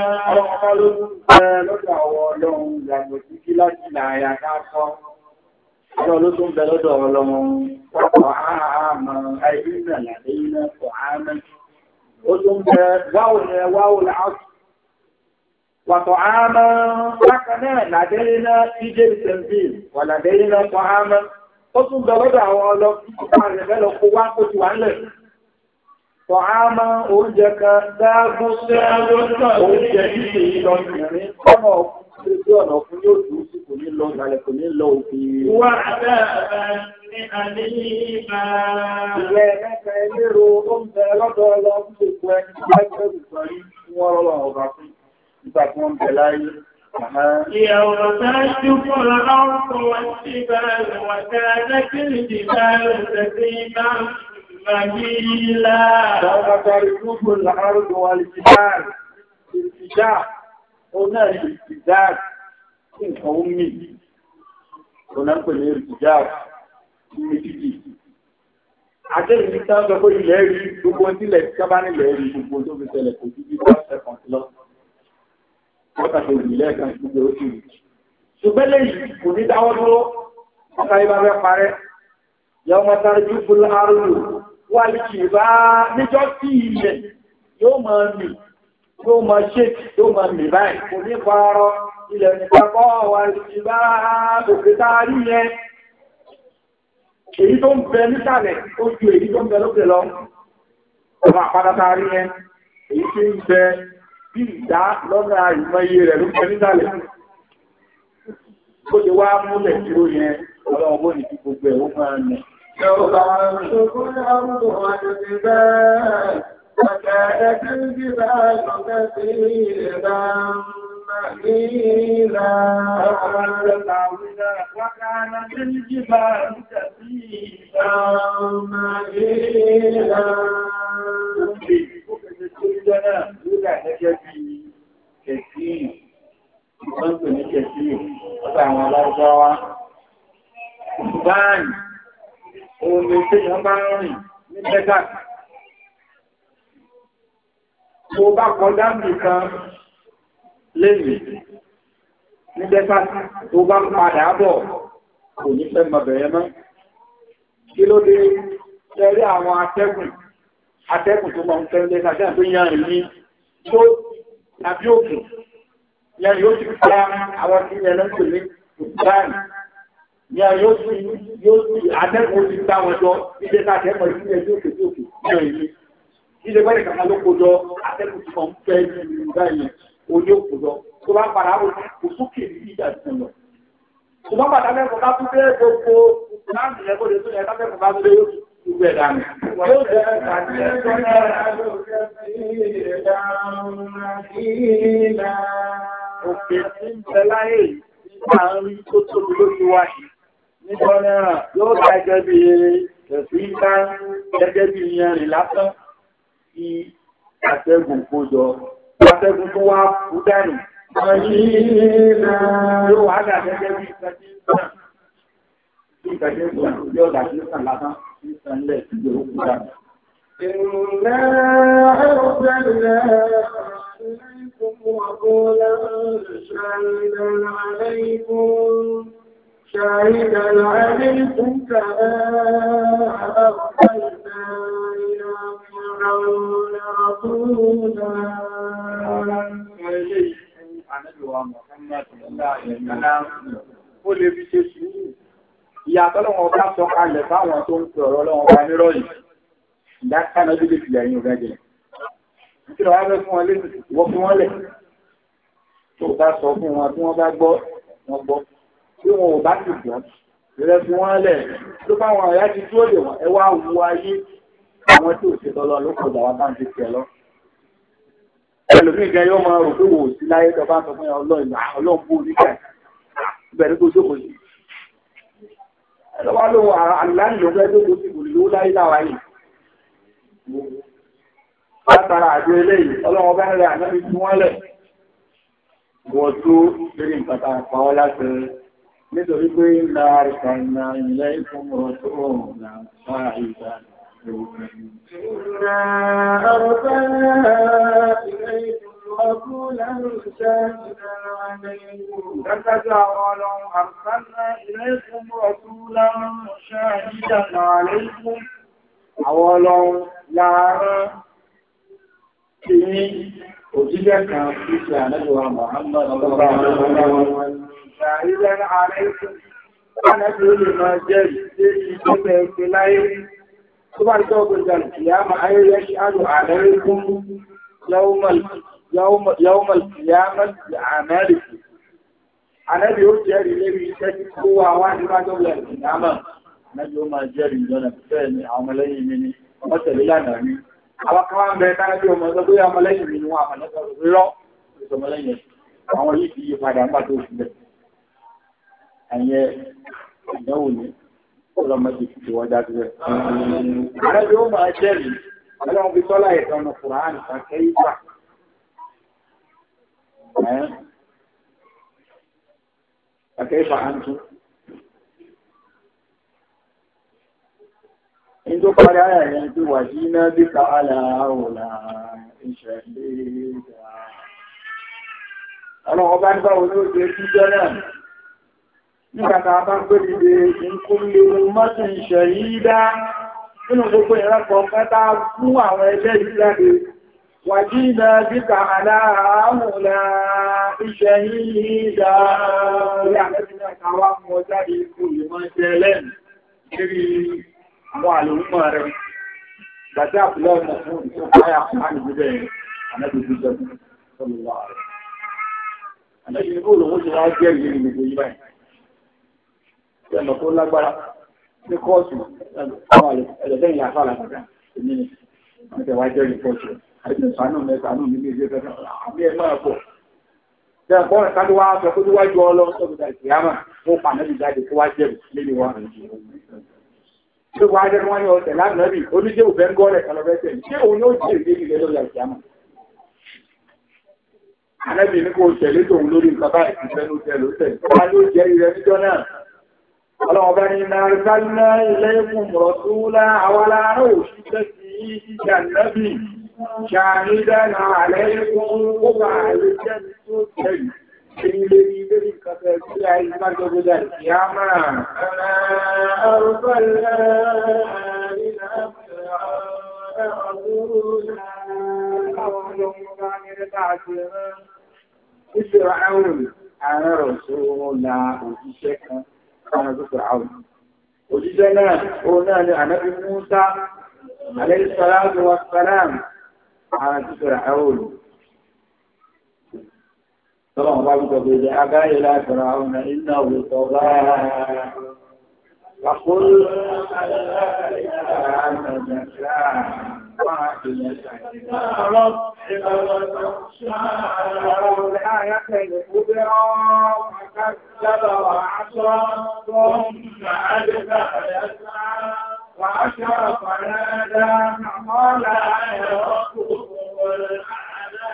bá ló ń bẹ lọ́dọ̀ àwọn ọlọ́run ìyàgbò tí kí láti láàyà ká sọ. Ọjọ́ ló tún bẹ lọ́dọ̀ ọlọ́run pọ̀pọ̀ àmọ́ ẹbí náà làdé iná pọ̀ àmọ́. Ó tún bẹ wáwò ni wáwò Wàtọ̀ àmọ́ bákan Tọ̀hámá oúnjẹ kan dágún oúnjẹ títí ìlọ ìrìn kọ́nà ojú sí kò ní ní lọ òfin. Wà bẹ́ẹ̀ ní àníyíma. Ìwẹ̀ mẹ́ta wọ́n fẹ́ ìsọ̀rí wọ́n bẹ láyé. Ìyàwó مهيلا سوف تركب الأرض والجبال الاتجاه هنا الاتجاه من قومي هنا كل الاتجاه Àjẹ́rì ní sáà sọ pé ilẹ̀ rí gbogbo tí ilẹ̀ tí kábá nílẹ̀ rí gbogbo tó fi tẹ́lẹ̀ kò sí bí wọ́n tẹ́kàn lọ. Wọ́n tàbí ìrìnlẹ̀ kan gbogbo ó sì rí. Ṣùgbẹ́ lẹ́yìn kò ní dáwọ́ dúró, ọkà ibà fẹ́ parẹ́. Yọ ọmọ tàbí jù fún láàrùn wà ìjìbá níjọ́ tí ilẹ̀ yóò máa mì yóò máa ṣe yóò máa mì báyìí kò ní parọ́ ilẹ̀ nípapọ̀ wà ìjìbá òkè tá a rí yẹn èyí tó ń bẹ nísàlẹ̀ ó ju èyí tó ń bẹ lókè lọ ọmọ àpáta tá yẹn èyí tí ń bẹ bí ìdá lọ́nà ìmọ̀ye rẹ̀ ló bẹ nísàlẹ̀ ó ti wá múlẹ̀ tí yẹn ọlọ́run ní gbogbo ẹ̀ ó máa nẹ̀ يوم أنشق الأرض والجبال وكانت الجبال كثيرا مهيلا وكانت الجبال كثيرا مهيلا كثير Ìgbọ́n tó ní kẹsí ọ̀tọ̀ àwọn alágbáwá. Báyìí omi tí wọ́n bá ń rìn ní bẹ́gà tó bá kọjá nìkan lèmi ní bẹ́gà tó bá padà bọ̀ kò ní fẹ́ mọ̀bẹ̀rẹ̀ mọ́ kí ló dé tẹ́rí àwọn atẹ́gùn atẹ́gùn tó máa ń fẹ́ lẹ́gbẹ̀ẹ́ àti àti yàn ní tó tàbí òkè yàn yóò ti pa àwọn tí yẹn lọ́pẹ̀ ní ìgbàanì ní ayé ó sì yóò sì àtẹ́kùn ti gbá wọn jọ ilé ká tẹ́kọ̀ọ́ sí ẹjọ́ òkè tó òkè ní ọ̀yẹ́ ilé kàkà ló kó jọ àtẹ́kùn ti kàn ń fẹ́ ní ìgbà yẹn òní òkú jọ tó bá padà ó kò sókè ní ìjà ìsìn lọ. ṣùgbọ́n bàtà mẹ́kọ̀ọ́ bá tún bẹ́ẹ̀ gbogbo láàmì yẹn lè tún yẹn káfẹ́kọ̀ọ́ bá tún lé yóò tún gbẹ dànù nígbà náà yóò dá ẹgẹ́ bí ẹ̀sùn ìgbà gẹ́gẹ́ bí iyanrìn lásán kí àtẹ́gùn kó jọ àtẹ́gùn tó wá kú dànù yóò wá dà gẹ́gẹ́ bí ìtàkẹ́gùn yóò dà sí ìsàn lásán ìsàn lẹ̀ sí ìgbèrú kú dànù. Ìrùnlẹ́ ọ̀rọ̀lẹ́ عليكم وقولا شعيدا عليكم شاهدا عليكم كما أرسلنا إلى فرعون رسولا Ó lè fi ṣe sùúrù. Ìyàtọ̀ lọ́wọ́ ọba sọ kalẹ̀ fáwọn tó ń pè ọ̀rọ̀ lọ́wọ́ ọba nírọ̀ yìí. Ìdákànnà fi lẹ́yìn ọ̀gá jẹ. Nítorí wọ́n fẹ́ fún wọn lé wọ́n fún wọn lẹ̀. Tó bá sọ fún wọn tí wọ́n bá gbọ́, wọ́n gbọ́ tí wọn ò bá ti gbọ́ ìrẹ́ fi wọ́n lẹ̀ tó báwọn ọ̀yá ti dúró lè wọ́n ẹ wá wu ayé àwọn tí ò ṣe tọ́lọ ló kọjá wa bá ń ti tẹ̀ lọ. ẹlòmíì gan yóò máa rò pé wò sí láyé tó bá sọ fún ọlọ́ọ̀lù ọlọ́ọ̀bù oníkà ìbẹ̀rẹ̀ tó jókòó sí. ẹlọ́wà ló wọ àlùláàlì ló fẹ́ jókòó sí ìbòlì lówó láyé láwa yìí. látara àjọ eléyìí ọlọ́wọ́n bá ń rẹ àná nítorí pé ńlá àrùkànnà ilẹ̀ ìfúnmọ̀ tó ọ̀nà sáà ìgbà Ìrìnà àrùkànnà ilẹ̀ ìfúnmọ̀ ọkùnlá ń ṣe ìdára àlẹ́yìn. Dákàjá ọlọ́run àrùkànnà ilẹ̀ ìfúnmọ̀ ọkùnlá ń ṣe ìdára àlẹ́yìn. Àwọn ọlọ́run láàárán kìí òjílẹ̀ kan fífẹ́ àlẹ́gbẹ̀wà Mọ̀hánmà lọ́wọ́ ṣàìlẹ́ àrẹ́kùn Ànábì ó lè máa jẹ́ ìdílé ìgbẹ́gbẹ́ ẹgbẹ́ láyé. Tó bá jọ gbogbo ìyáma ayẹyẹ ṣe àrò àrẹ́kùn yawmal kìyámà ti àmẹ́rìkì. Ànábì ó jẹ́rìí lérí iṣẹ́ tí kó wà wá ní bájọ́ gbogbo ìyáma. Ànábì ó máa jẹ́rìí lọ́nà bẹ́ẹ̀ ni àwọn ọmọlẹ́yìn mi ni wọ́n tẹ̀lé lánàá ni. Àwọn kan wá ń bẹ tánábì ọmọ ọdọ́ bóyá ọmọlẹ́yìn mi ni wọ́n àmọ̀lẹ́kọ̀ọ́ rírọ́ ìṣọmọlẹ́yìn. Àwọn yìí ti yí padà ń bá tó fi bẹ̀rẹ̀ àyẹ ìdánwò ni ọlọ́mọdé ti wọ́n dájú rẹ̀. ààrẹ yóò máa jẹ́rìí ọlọ́run fi tọ́lá ẹ̀dọ́ ọ̀nà kùránì kàkẹ́ ìgbà. kàkẹ́ ìgbà á ń tún. in tó parí ara yẹn tí wà sí iná bí ká aláàrùlà ìṣẹ̀lẹ̀ ìgbà. ọlọ́run ọba nígbà wo ló ṣe kíjọ náà nígbàtà bá ń gbébí lè ìkúlé mọ́sí ṣẹ̀yídá nínú gbogbo ìrẹ́pọ̀ pẹ́ta fún àwọn ẹgbẹ́ ìjáde wà jí ìdá bíkà aláàmùlá ìṣẹ̀yídá Gbàtí àpùlọ́ ọmọ fún wá jẹ́ ìrìn gbogbo yí báyìí ẹ̀mọ̀ tó lágbára ní kóòtù àwọn ẹ̀lẹ́dẹ́yìn yàtọ̀ àlàkàkà èmi ni wọ́n tẹ̀ wá jẹ́ rìpọ́ọ̀tù àti ìsànú mẹ́sànú mi ní ilé fẹ́fẹ́ àmì ẹ̀ máa pọ̀. ṣé ẹ̀kọ́ rẹ̀ ká tó wá sọ pé níwájú ọlọ́ sọ́dọ̀dà ìyámà ó pa nẹ́bí jáde tó wá jẹ́ lélẹ̀ wa. ṣé wàá jẹ́ wọ́n ní ọ̀sẹ̀ lánàbì oníṣẹ́ òfẹ́ ń gọ́rẹ̀ kan lọ́fẹ́ tẹ̀ ṣé òun yóò jẹ́ ìdí ìlẹ̀ lọ́dọ̀ ìyámà. ànẹ́bì ní kò tẹ̀lé tòun lórí nǹkan báyìí ولو أرسلنا إليكم رسولا ولا أوشك فيه كالنبي شاهدا عليكم وما عليكم إن لم يدرك فسيع المرض بذلك يا من أنا أرسلنا إلى فرعون أعوذ بك من رسولا àrùn àwọn òjíṣẹ́ náà ó náà ni ànábì Mùsá àlẹ́sàlámù wa sàlámù àrùn àtúnṣe àwọn olù tọ́lọ̀ wọn bá wípé gbèdé agáyé látara àwọn iná òwe tó bá wàkúrú àlẹ́ àtàjà sáà. فكذب وعصى ثم أدبر يسعى وعشر فنادى قال يا ربكم الأعلى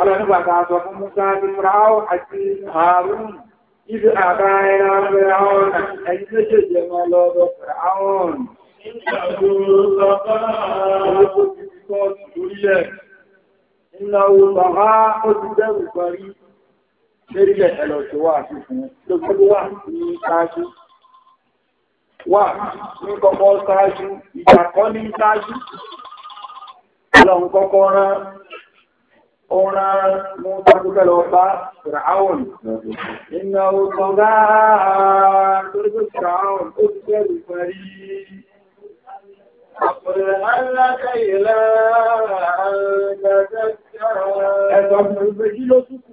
Ọlọ́run gbàgbà sọ fún Musa ní Fúráwọ̀ àti Àrùn إذ أبى إلى فرعون أن يسجد ملوك فرعون إنه طغى قدام البريد Lérílẹ̀ ẹ̀lọ ṣe wà sí fún lókòó wà ní ṣáájú. Wà ní kọ́kọ́ ṣáájú, ìjà kọ́ ní ṣáájú. Ọlọ́run kọ́kọ́ rán ọ̀ràn mú sákúkẹ́ lọ bá fìràáwọ̀n iná ọgbọ̀n gáà torí pé fìràáwọ̀n ó ti bẹ̀rù parí. Ẹ̀sọ́ mi ò gbé kí ló túkù.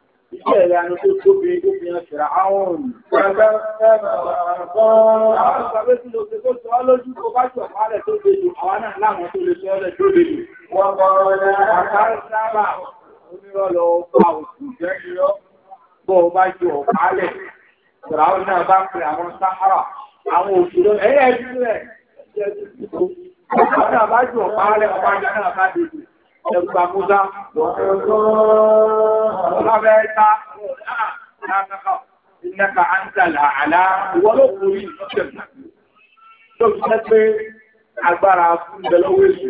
Iṣẹ́ ìyanu tó tóbi tó fi hàn ṣìrà àwọn òní. Gbàgbà ẹ̀rọ àwọn àgbàgbé tí ló ṣe ẹgbà múdá ọlọ́bẹ̀ ẹta ìnẹ́ka àǹtàlà àlá ìwọ́n ló kú rí ìṣẹ́ tó fi jẹ́ pé agbára fún ìbẹ̀lọ́wọ́ èsì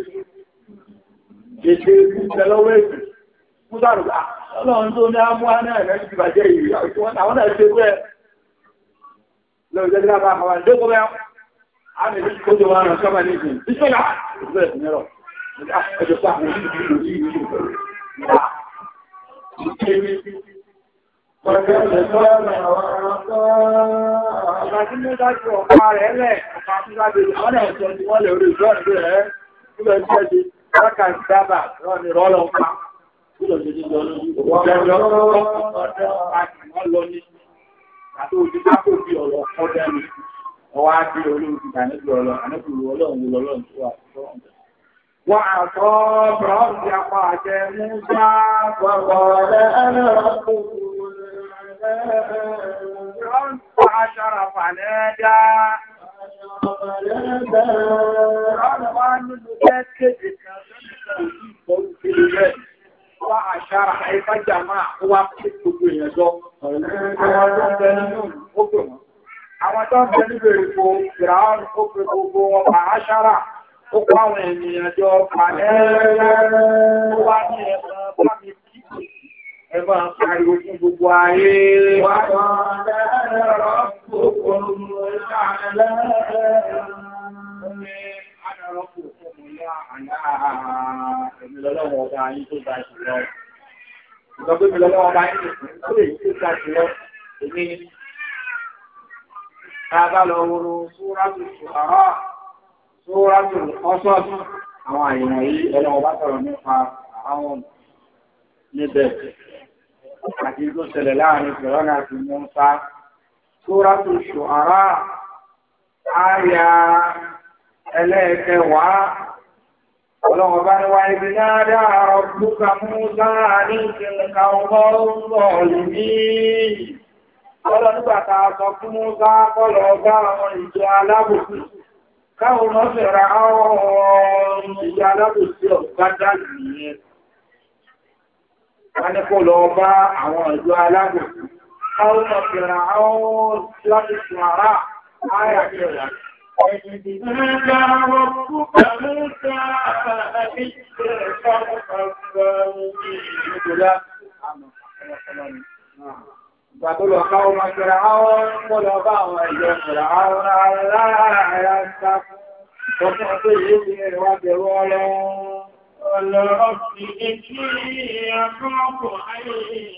èdè fún ìbẹ̀lọ́wọ́ èsì fún dàrúgbà ah, ọlọ́run tó ní àmú àná ẹ̀rẹ́ ti bàjẹ́ ìrìn àwọn náà ṣe pé lọ́jọ́ ìjọba àwọn àjọ́gbọ́ ẹjọ́ pé àwọn onídìí ló sí ìlú ìgbà ìkéwé. Pẹ̀lú ẹ̀sọ́ ọ̀nà ọ̀rọ̀ ọ̀tọ́ ọ̀gá tí ó dájú ọ̀pá rẹ̀ lẹ̀ ọ̀pá tí ó dájú ọ̀nà ẹ̀sọ́ tí wọ́n lè orí ìjọ́ ìgbé rẹ̀ nílò ìjẹ́ di ọ̀kà ìdábà rọ́ni rọ́lọ́ pa. Nílò وعصاب رفعت موسى وقال أنا ربكم العذاب عشر فنادى وعشر حيث جمع وقت الدنيا جو àwọn tó ń bẹ nílò ìfò ìràwọ̀n ó pè gbogbo ọ̀pá àṣàrà ó àwọn ènìyàn jọ pàdé ó wá ní bá mi kí ẹ máa pariwo fún gbogbo ayé. wà á lọ rọ gbogbo ìlànà ní àdàrọ̀pọ̀ fún mi láàárín ẹ̀mí lọ́lọ́wọ́ ọba yín tó ga jù lọ. ìgbàgbé mi lọ́lọ́wọ́ ọba yín tó lè tó tó wá ní ọ́sọ́ọ̀sì àwọn àyẹ̀wò yìí ẹlẹ́wọ̀n bá ha nípa àwọn níbẹ̀ àti tó ṣẹlẹ̀ láàrin fìrọ́nà àti mọ́ńsá Suratul Shu'ara àyà ẹlẹ́ẹ̀kẹwàá ọlọ́run bá ní wáyé bí náírà ọ̀gbúkà mú láàrin ìkìlẹ̀kà káwọn ọmọ fẹ̀ra ọ̀rọ̀ ìyá alábòsí ọ̀gá dàlù nìyẹn wọ́n ní kó lọ bá àwọn ìjọ alábòsí káwọn ọmọ fẹ̀ra ọ̀rọ̀ láti sùn ara áyà kẹwàá Thank you. Ìgbàtọ́lọ̀ káwọn máa fẹ́ra àwọn ọmọdé bá àwọn ìjọ fẹ́ra àwọn aláàrá sáfún. Sọ fún ọjọ́ ìyé ti ẹ̀rọ àbẹ̀rọ ọlọ́run. Ọlọ́run fi ètí àkọ́kọ̀ ayé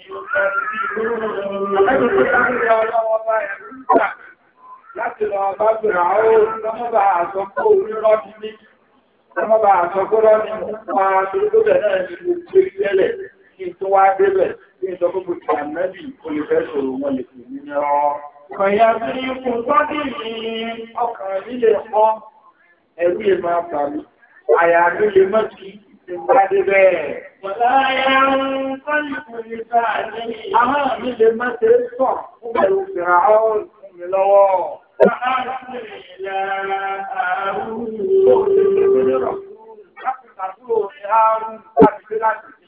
ìrọ̀kọ̀ sí ìrọ̀rùn. Àbẹ́kùn bá ẹ̀rú ń gbà láti lọ bá fẹ́ra ní. Ọmọdé àṣọ́kọ̀ rọ́ kí n tó wá débẹ̀ kí n sọ fún gbogbo ànábì olùfẹ́ sòrò wọn lè pè mí ní ọ. sí ikùn tọ́jú yìí ọkàn mi lè kọ́ ẹ̀rú yẹn máa bà mí àyà mi lè mọ́ kí n bá débẹ̀. Bọ̀dá ń kọ́lù kò ní bá Àmọ́ mi lè má ṣe é sọ̀ fún bẹ̀rù fìrà ọ́ fún mi lọ́wọ́. Bàbá àti ìyá àrùn. Ó ti ṣe ìgbèrè rọ̀. Láti ṣàkóso ìhà àrùn láti ṣe láti.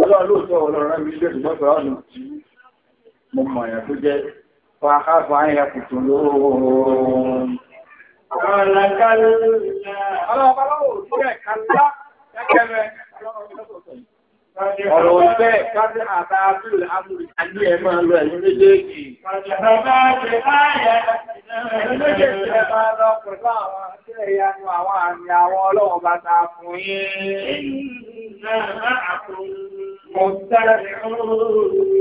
Ọlọ́lọ́tọ̀ ọlọ́rọ̀ mi lè gbọ́sọ̀ ọ̀nà tí mo mọ̀ yẹn tó jẹ́ fàáfà ayẹyẹ kùtù lóòrùn. Ọlọ́pàá lọ́wọ́ òṣìṣẹ́ kàńdá kẹ́kẹ́rẹ́ ọlọ́rọ̀ mi lọ́sọ̀ọ̀sọ̀ yìí. Ọ̀rọ̀ ìfẹ́ káfí àtàkù àmúrí àní ẹ̀ máa lọ ẹ̀yìn méjèèjì. Bàbá ṣe báyà méjèèjì ẹ máa lọ pẹ̀lú àwọn àti ẹ̀yanu àwọn àmì àwọn ọlọ́run bá ta fún yín. Mo sẹ́rẹ̀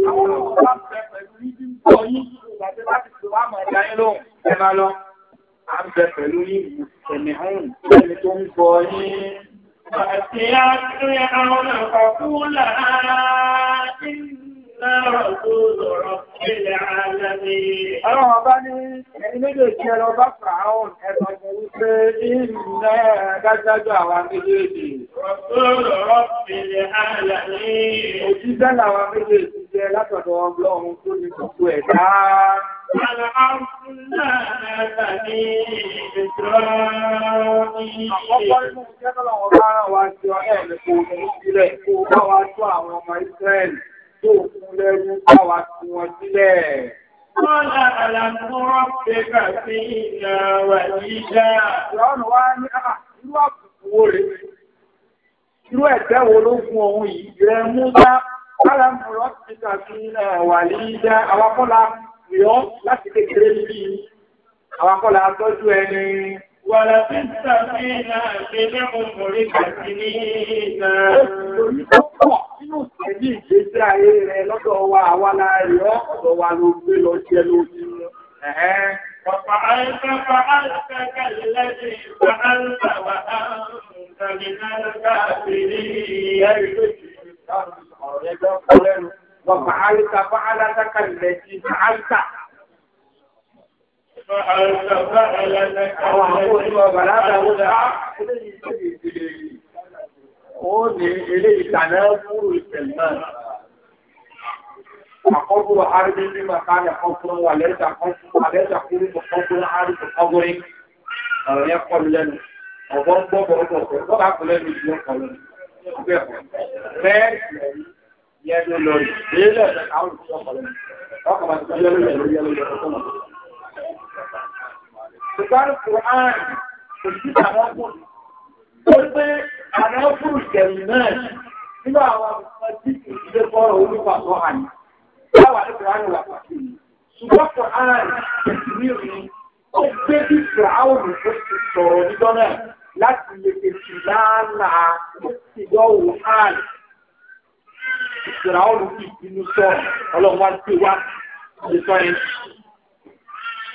àwọn ọ̀pá pẹ̀lú ibi ń bọ̀ yín. Ìgbàdé láti fi wá mọ̀ ẹ̀dá yín lóhùn. Ẹ máa lọ. À ń bẹ pẹ̀lú yín ẹ̀mí hàn. Ẹni tó ń gbọ́ yín. فأتياك فرعون فقولا إنا رسول رب العالمين. أنا بني méjèèjì ẹ̀rọ bá fàáhùn ẹ̀rọ jẹ́ wípé ìrìnlẹ̀ dájájú àwọn méjèèjì. Òjíṣẹ́ làwọn méjèèjì jẹ́ látọ̀dọ̀ ọlọ́run tó ní gbogbo ẹ̀dá. Ọ̀pọ̀ inú kẹ́kọ̀ọ́ wọn bá rán wa ti ọ̀rẹ́ ẹ̀lẹ́ kò ní sílẹ̀ kó bá wa tó àwọn ọmọ Ísírẹ́lì tó kún lẹ́rú bá wa tí wọ́n sílẹ̀. Mọ́lá àlàmúrọ̀ sí ìlà wà níjà. Ìrọ̀nù wá ní ah, irú àkùkù wo rèé? Irú ẹ̀tẹ́ wo ló fún òun yìí? Ìrẹ̀ dá. Àlàmúrọ̀ pẹ̀kà sí ìlà wà níjà. Àwọn yọ láti kékeré bí àwọn akọ́lá tọ́jú ẹni. Wàrà tí ń sàmì náà ṣe ní òmùrí kàtí ní ìgbà. Orí tó pọ̀ nínú ìgbésí ayé rẹ̀ lọ́dọ̀ wa àwa la ọ́ ọ̀dọ̀ wa ló gbé lọ jẹ́ lórí. àwọn onímọ̀ bàlágà ó dá ó ní ilé ìtànà fúrú ìtẹ̀lẹ́ Àkọ́kọ́ àrídé ní Màkánà ọkùnrin wà lẹ́jà kúrú ọkùnrin àrídé ọgbọ́rin ọ̀rọ̀ yẹn kọ́ lẹ́nu. Ọ̀gbọ́n gbọ́bọ̀ ọgbọ̀n tó bá kú lẹ́nu ìlú ọkọ̀ lẹ́nu. Bẹ́ẹ̀ yẹn ló lọ rí. Èyí lẹ́ẹ̀dẹ̀ àwọn olùsọ̀kọ̀ lẹ́nu. Ọkọ̀ máa ti ṣùgbọ́n Quran kò sí àwọn kùn. ó pé àwọn fúrù kẹ̀lì náà nínú àwọn àwọn tí kì í ṣe fọ́rọ̀ olúkọ àtọ́ àná. báwa ni Quran wà pàṣẹ. ṣùgbọ́n Quran kẹ̀sì ní òní ó gbé bí Fìràwùn tó ti sọ̀rọ̀ níjọ́ náà láti lè tètè lánàá ó ti dọ́wọ́ hàn. Fìràwùn kì í bínú sọ ọlọ́run wá sí wa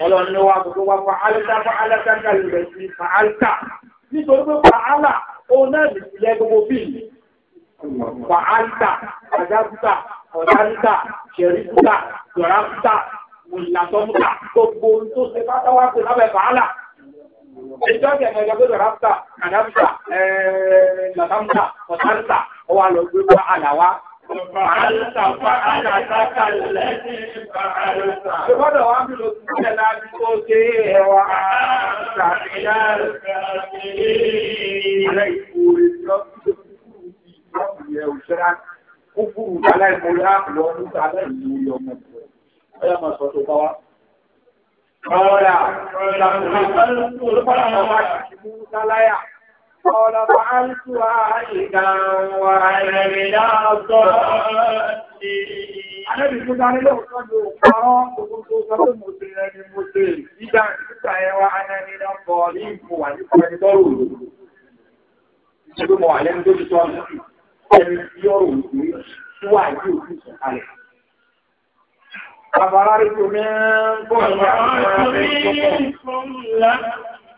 ọlọ́run ló wá gbogbo wa fa alta fa alta kàlùbẹ̀ sí fa alta nítorí pé fa ala òun náà lè fi yẹ gbogbo bíi fa alta àdáfúta ọ̀dáfúta ṣẹ̀rífúta dọ̀ráfúta mùlàtọ́fúta gbogbo ohun tó ṣe bá dáwà pé lábẹ́ fa ala ìjọ kẹ̀kẹ́ gbogbo dọ̀ráfúta àdáfúta ẹ̀ẹ́dọ̀ráfúta ọ̀dáfúta ọwọ́ àlọ́ gbogbo àlàwà فعلت فعلتك التي فعلت فهذا عامل السلام صوتي وأنت من الكافرين عليك Kúkúrú aláìmọ̀lá lọ ní aláìmọ̀lá ọmọ ìgbẹ̀. Ọya máa sọ tó bá wá. Ọ̀rọ̀ yà, ṣàkùnrin, ọlọ́pàá ọmọ àṣìkú láláyà. قال فعلتها إذا وأنا من الضالين Àlẹ́bí tó dá nílò ọ̀pọ̀lọpọ̀ ọ̀pọ̀rọ̀ gbogbo tó sọ pé mo ti rẹ̀ ni mo ṣe ìdá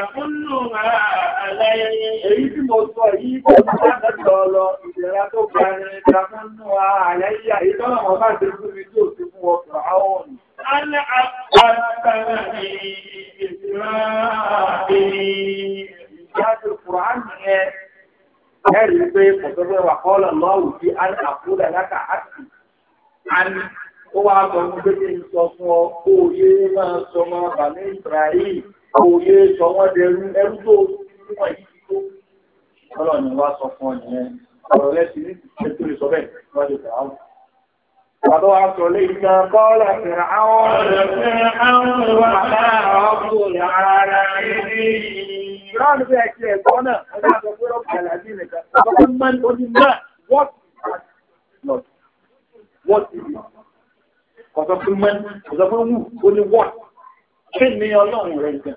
Àkúnnù àlàyé èyí tí mo sọ yìí kò bá dẹ́tọ̀ lọ ìjẹ̀ra tó ga ni ìdàkúnnù àlàyé àyíkọ́nà wọn bá ti fún mi tí ò ti fún ọkọ̀ àwọn ọ̀nà. A ní àpàtàkì ìṣúná ìjáde Kùránì ẹ. Ẹ̀rí pé kò tó fẹ́ wà kọ́lọ̀ lọ́wọ́ bí a ní àkúrẹ̀ láta àti àní. Ó wá sọ fún pé kí n sọ fún ọ kó o yé máa sọ máa bà ní Ibrahim òye sọ wọ́n dẹrú ẹrú tó wọ́n yìí tó ọlọ́run ni wá sọ fún ọ nìyẹn ọ̀rọ̀ rẹ ti ní ìṣẹ́ tó lè sọ bẹ́ẹ̀ wọ́n ti fẹ̀ áwọ̀. Bàbá wa sọ lé kọ́lá fẹ̀rẹ̀ àwọn ọ̀rẹ́ àwọn ìwà láàárọ̀ ọkùnrin ara rẹ̀ Ìran bí ẹ̀kí ẹ̀kọ́ náà, ọjọ́ àgbẹ̀gbẹ̀ rọ̀ bàlá nìkan. Ọjọ́ máa ń tó ní wọ́n ti wọ́n ti rí. fún mẹ́rin, ọ̀sọ̀ wù, ó ní wọ́n. Kí ni ọlọ́run rẹ̀ gan?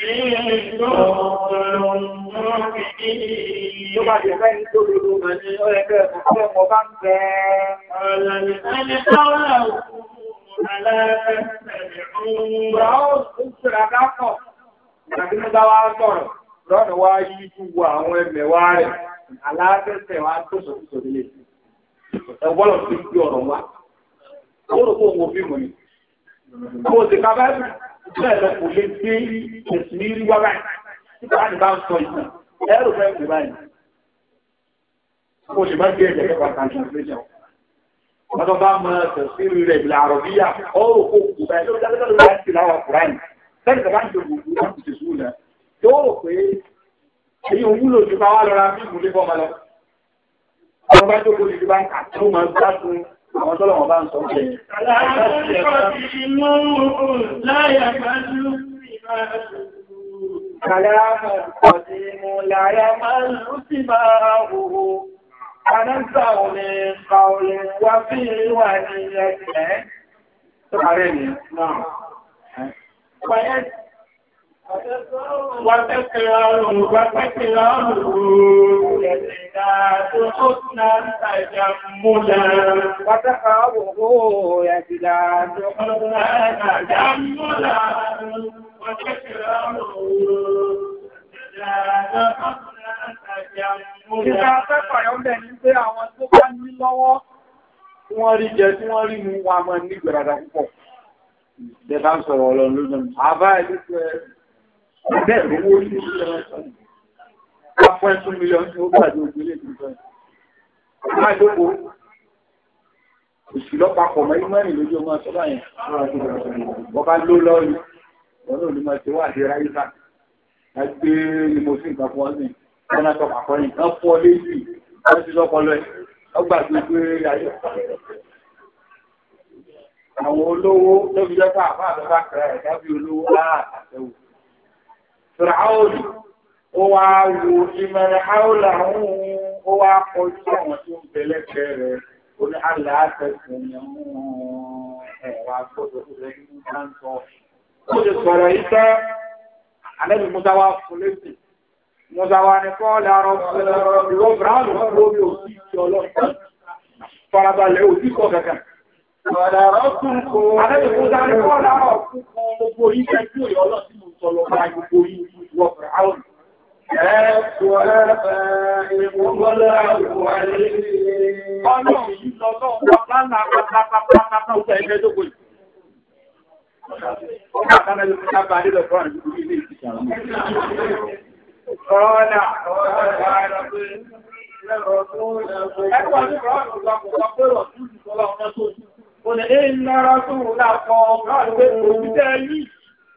Tó bá jẹ́ fẹ́ ní tó lórí ọmọ ní ọ̀rẹ́kẹ́ ọ̀pọ̀ ọmọ bá ń bẹ. Ọ̀lá ni ẹni táwọn wá tó sọ̀tọ̀ sílẹ̀. Ẹ̀wọ́lọ̀ fi gbé ọ̀rọ̀ wá. Ó rò pé òun fíìmù ni. Mo sì ka bẹ́ẹ̀ bẹ́ẹ̀ lọ kò lè gbé ẹ̀sìn rí wá báyìí nípa àti bá ń sọ ìtàn ẹ̀rù fẹ́ gbé báyìí. Mo lè má gbé ẹ̀jẹ̀ kẹfà kan translation. Wọ́n bá mọ tẹ̀síìrì rẹ̀ ìlà àrọ̀bíyà ọ̀rọ̀ kò kù báyìí lórí dájọ́ lórí láti láwà Kùránì. Bẹ́ẹ̀ni bàbá ń jẹ gbogbo wọn kò sì sùn lẹ̀. Yóò rò pé èyí òun wúlò ju káwá lọ ra fíìmù lé bọ́ ọmọ lọ. Àwọn bá jókòó àwọn tọ́lọ̀ bá ń sọ ń pè وتكراره wọ́n rí jẹ tí wọ́n rí mú wa mọ́ ní gbẹ̀rẹ̀dà púpọ̀. Bẹ̀bá sọ̀rọ̀ ọlọ́run lónìí. Àbá ẹ̀lú pẹ̀lú bẹ́ẹ̀ ló wó sí afọ́ ẹ̀sùn mílíọ̀n tí ó gbàdé ògbélé tuntun máa dóko òsì lọ́pàpọ̀ mọ́ ìmọ̀rin lójú ọmọ sọ́bà yẹn ọba ló lọ́ọ̀lù ọ̀nà olùmọ̀ ti wà dé ráyíká láti ìmọ̀ sí nǹkan fún ọ́sìn ọ̀nà tó pàpọ̀ yìí kan fún ọ léyìí wọ́n ti lọ́pọ̀ lọ ẹ̀ ọgbà tó gbé ayé àwọn olówó lóbi lọ́pàá àbá àbẹ́bá kẹrẹ ẹ̀ dábì olówó láàtàtẹ̀wò fìràwọ̀n ó wá wo ìmọ̀ràn àwòlà ń ó wá kọjú àwọn tó ń bẹ lẹ́gbẹ̀ẹ́ rẹ̀ ó ní aláàtẹ̀sẹ̀ ni ẹ̀wà gbọ́dọ̀ tó lẹ́yìn ní sáńtọ̀. ó ti sọ̀rọ̀ yìí tẹ́ àlẹ́bí musa wá fún lẹ́sìn musa wá ní kọ́ lárọ́ ìwọ fìràwọ̀n ló ń lórí òsì ti ọlọ́pàá farabalẹ̀ òsì kọ̀ kankan. Àlẹ́bí musa ní kọ́ lárọ́ fún kan gbogbo yìí tẹ́ sọ̀rọ̀ bá gbogbo ẹgbẹ́ dókòó yìí. Ọgbà kan náà ló fi ká bá a nílò fún àdúgbò ilé ìsìnkà. Ọ̀rọ̀lá Ẹgbẹ́ ọdún ọ̀rọ̀ ọ̀gbà pẹ̀lú ọ̀tún ìṣọ́lá ọmọ tó ṣe. Olè é ń lára tó rò lápọ̀ ọ̀rọ̀ àti pé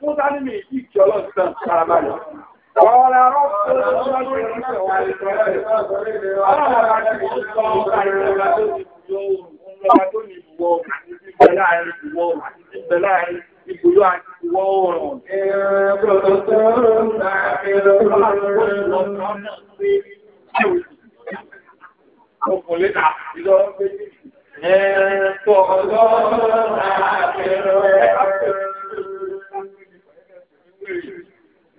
Múta ní mi ìdí ìkì ọlọ́run tán sára balẹ̀. ọkùnrin náà pé tó àti ẹ̀rọ ẹ̀rọ.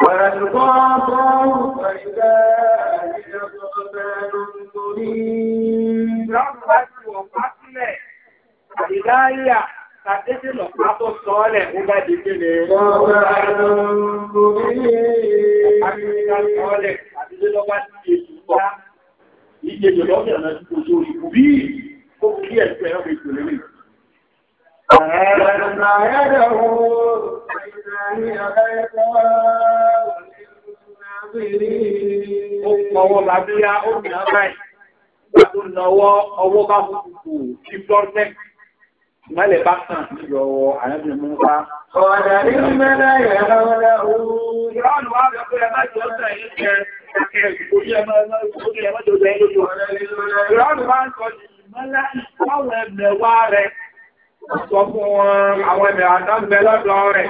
وألقى الله فإذا هي ثعبان مبين. فإذا هي Tàdéjì lọ pàtó sọ́ọ̀lẹ̀ ó bá di kí ni. Lọ́gbà ló ń borí. Àgbẹ̀ká فهذا يده فإذا هي بيضاء للناظرين ọwọ́ bá kúkú sí flortex mẹ́lẹ̀ bá kàn níbi ọwọ́ àyẹ́bìnrin mú bá. ọ̀dà ní mẹ́lẹ̀ yẹn lọ́wọ́lá ooo. ìrọ̀lù wà lọ ó sọ fún wọn àwọn ẹ̀bẹ̀ àdámbẹ lọ́dọ̀ rẹ̀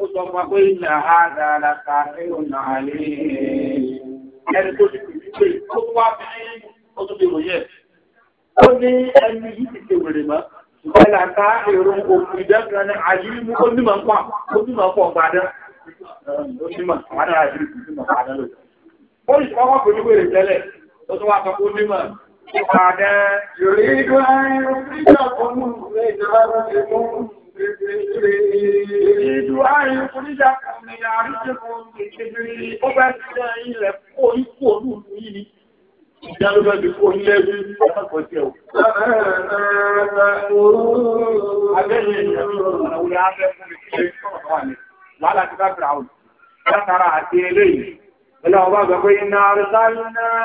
ó sọ fún pé ìlà àdára ká ẹ̀rọ náà lè ẹni tó ti pè é tó wá bí ó tún lè wòye ó ní ẹni yìí ti ṣe wèrè mọ́ ìgbẹ́lá ká èrò òkú ìdẹ́gbẹ̀rẹ̀ ní àyè mú onímọ̀ ń pa onímọ̀ pọ̀ gbadá onímọ̀ àdára àyè mú onímọ̀ ń pa Ìbàdàn yòrìdó ayò fúnìjàkùn ní ìjọba lọ́dẹ̀ mú Ìdù ayò fúnìjàkùn ní àríṣẹ́kùn ìkejì ó bá ti jẹ́ ilẹ̀ kó ikú olú yìí. Ìjà ló bá ti kó ilé bí ọkọ̀ tí ẹ̀wọ̀. Abẹ́yẹ̀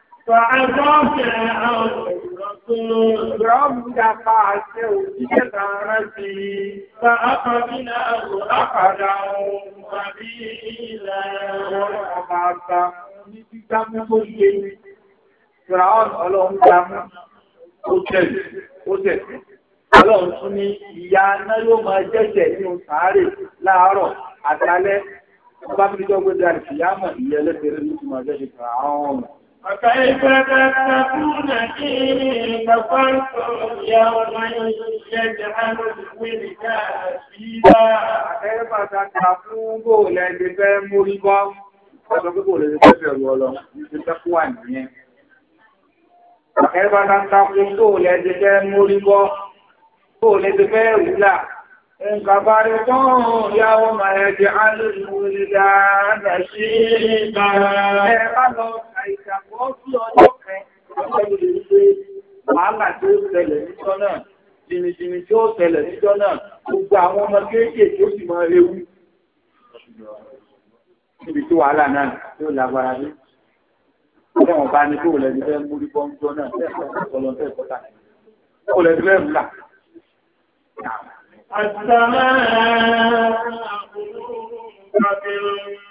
فعصاك الرسول ربك فعسى وجدك ربي فأخذناه أخذا قبيلا ورحمة Fìràwọ̀n ọlọ́run dámú, ó tẹ̀lé, ó tẹ̀lé. Ọlọ́run tún ní ìyá náà yóò máa jẹ́jẹ̀ ní sàárè láàárọ̀ àtàlẹ́. Ọba fi jọ́ gbé dárí fìyàmọ̀ ìyẹ́lẹ́fẹ̀ẹ́ lórí ìtumọ̀ jẹ́jẹ̀ fìràwọ̀n. فكيف تتقون إن كفرتم يوما يجعل الولدان شيبا كيف تتقون قول لبي مريبا Ọjọ́ pípò lè ṣe bẹ̀rù ọlọ, ìtẹ́kù wà nìyẹn. Àkẹ́bà tàǹtàkùn tó lè ṣe fẹ́ mórí bọ́, tó lè ṣe fẹ́ rúlà. Nǹkan bá rí tán yàwó màá ẹ̀jẹ̀ àìsàkọ́ sí ọjọ́ kan ọjọ́ yìí ni wàhálà tí ó ṣẹlẹ̀ níjọ́ náà jìnnìjìnnì tí ó ṣẹlẹ̀ níjọ́ náà gbogbo àwọn ọmọ kéékèèké ó sì máa ewu níbi tí wàhálà náà yóò lágbára dé ọlọ́run bá ní kó lẹ́ni fẹ́ múrí bọ́ńjọ́ náà tẹ́lẹ̀ kọ́ta kó lẹ́ni fẹ́ múlà. Àtàlẹ́ àkùnrin kàbí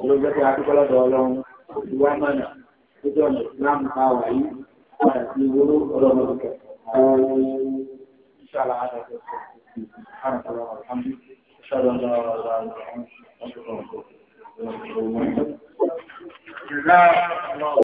olóògbé tí a dúpẹ́ lọ́dọ̀ ọlọ́run ìwà mọ̀nà títí ọ̀nà ìsìláàmù ká wà yìí padà sí ìwúrú ọlọ́run òkè. Ìṣàlà àdàkọ̀ ṣàǹtàlọ́ àmì ìṣàlọ́ ọ̀la ọ̀la ọ̀la ọ̀la.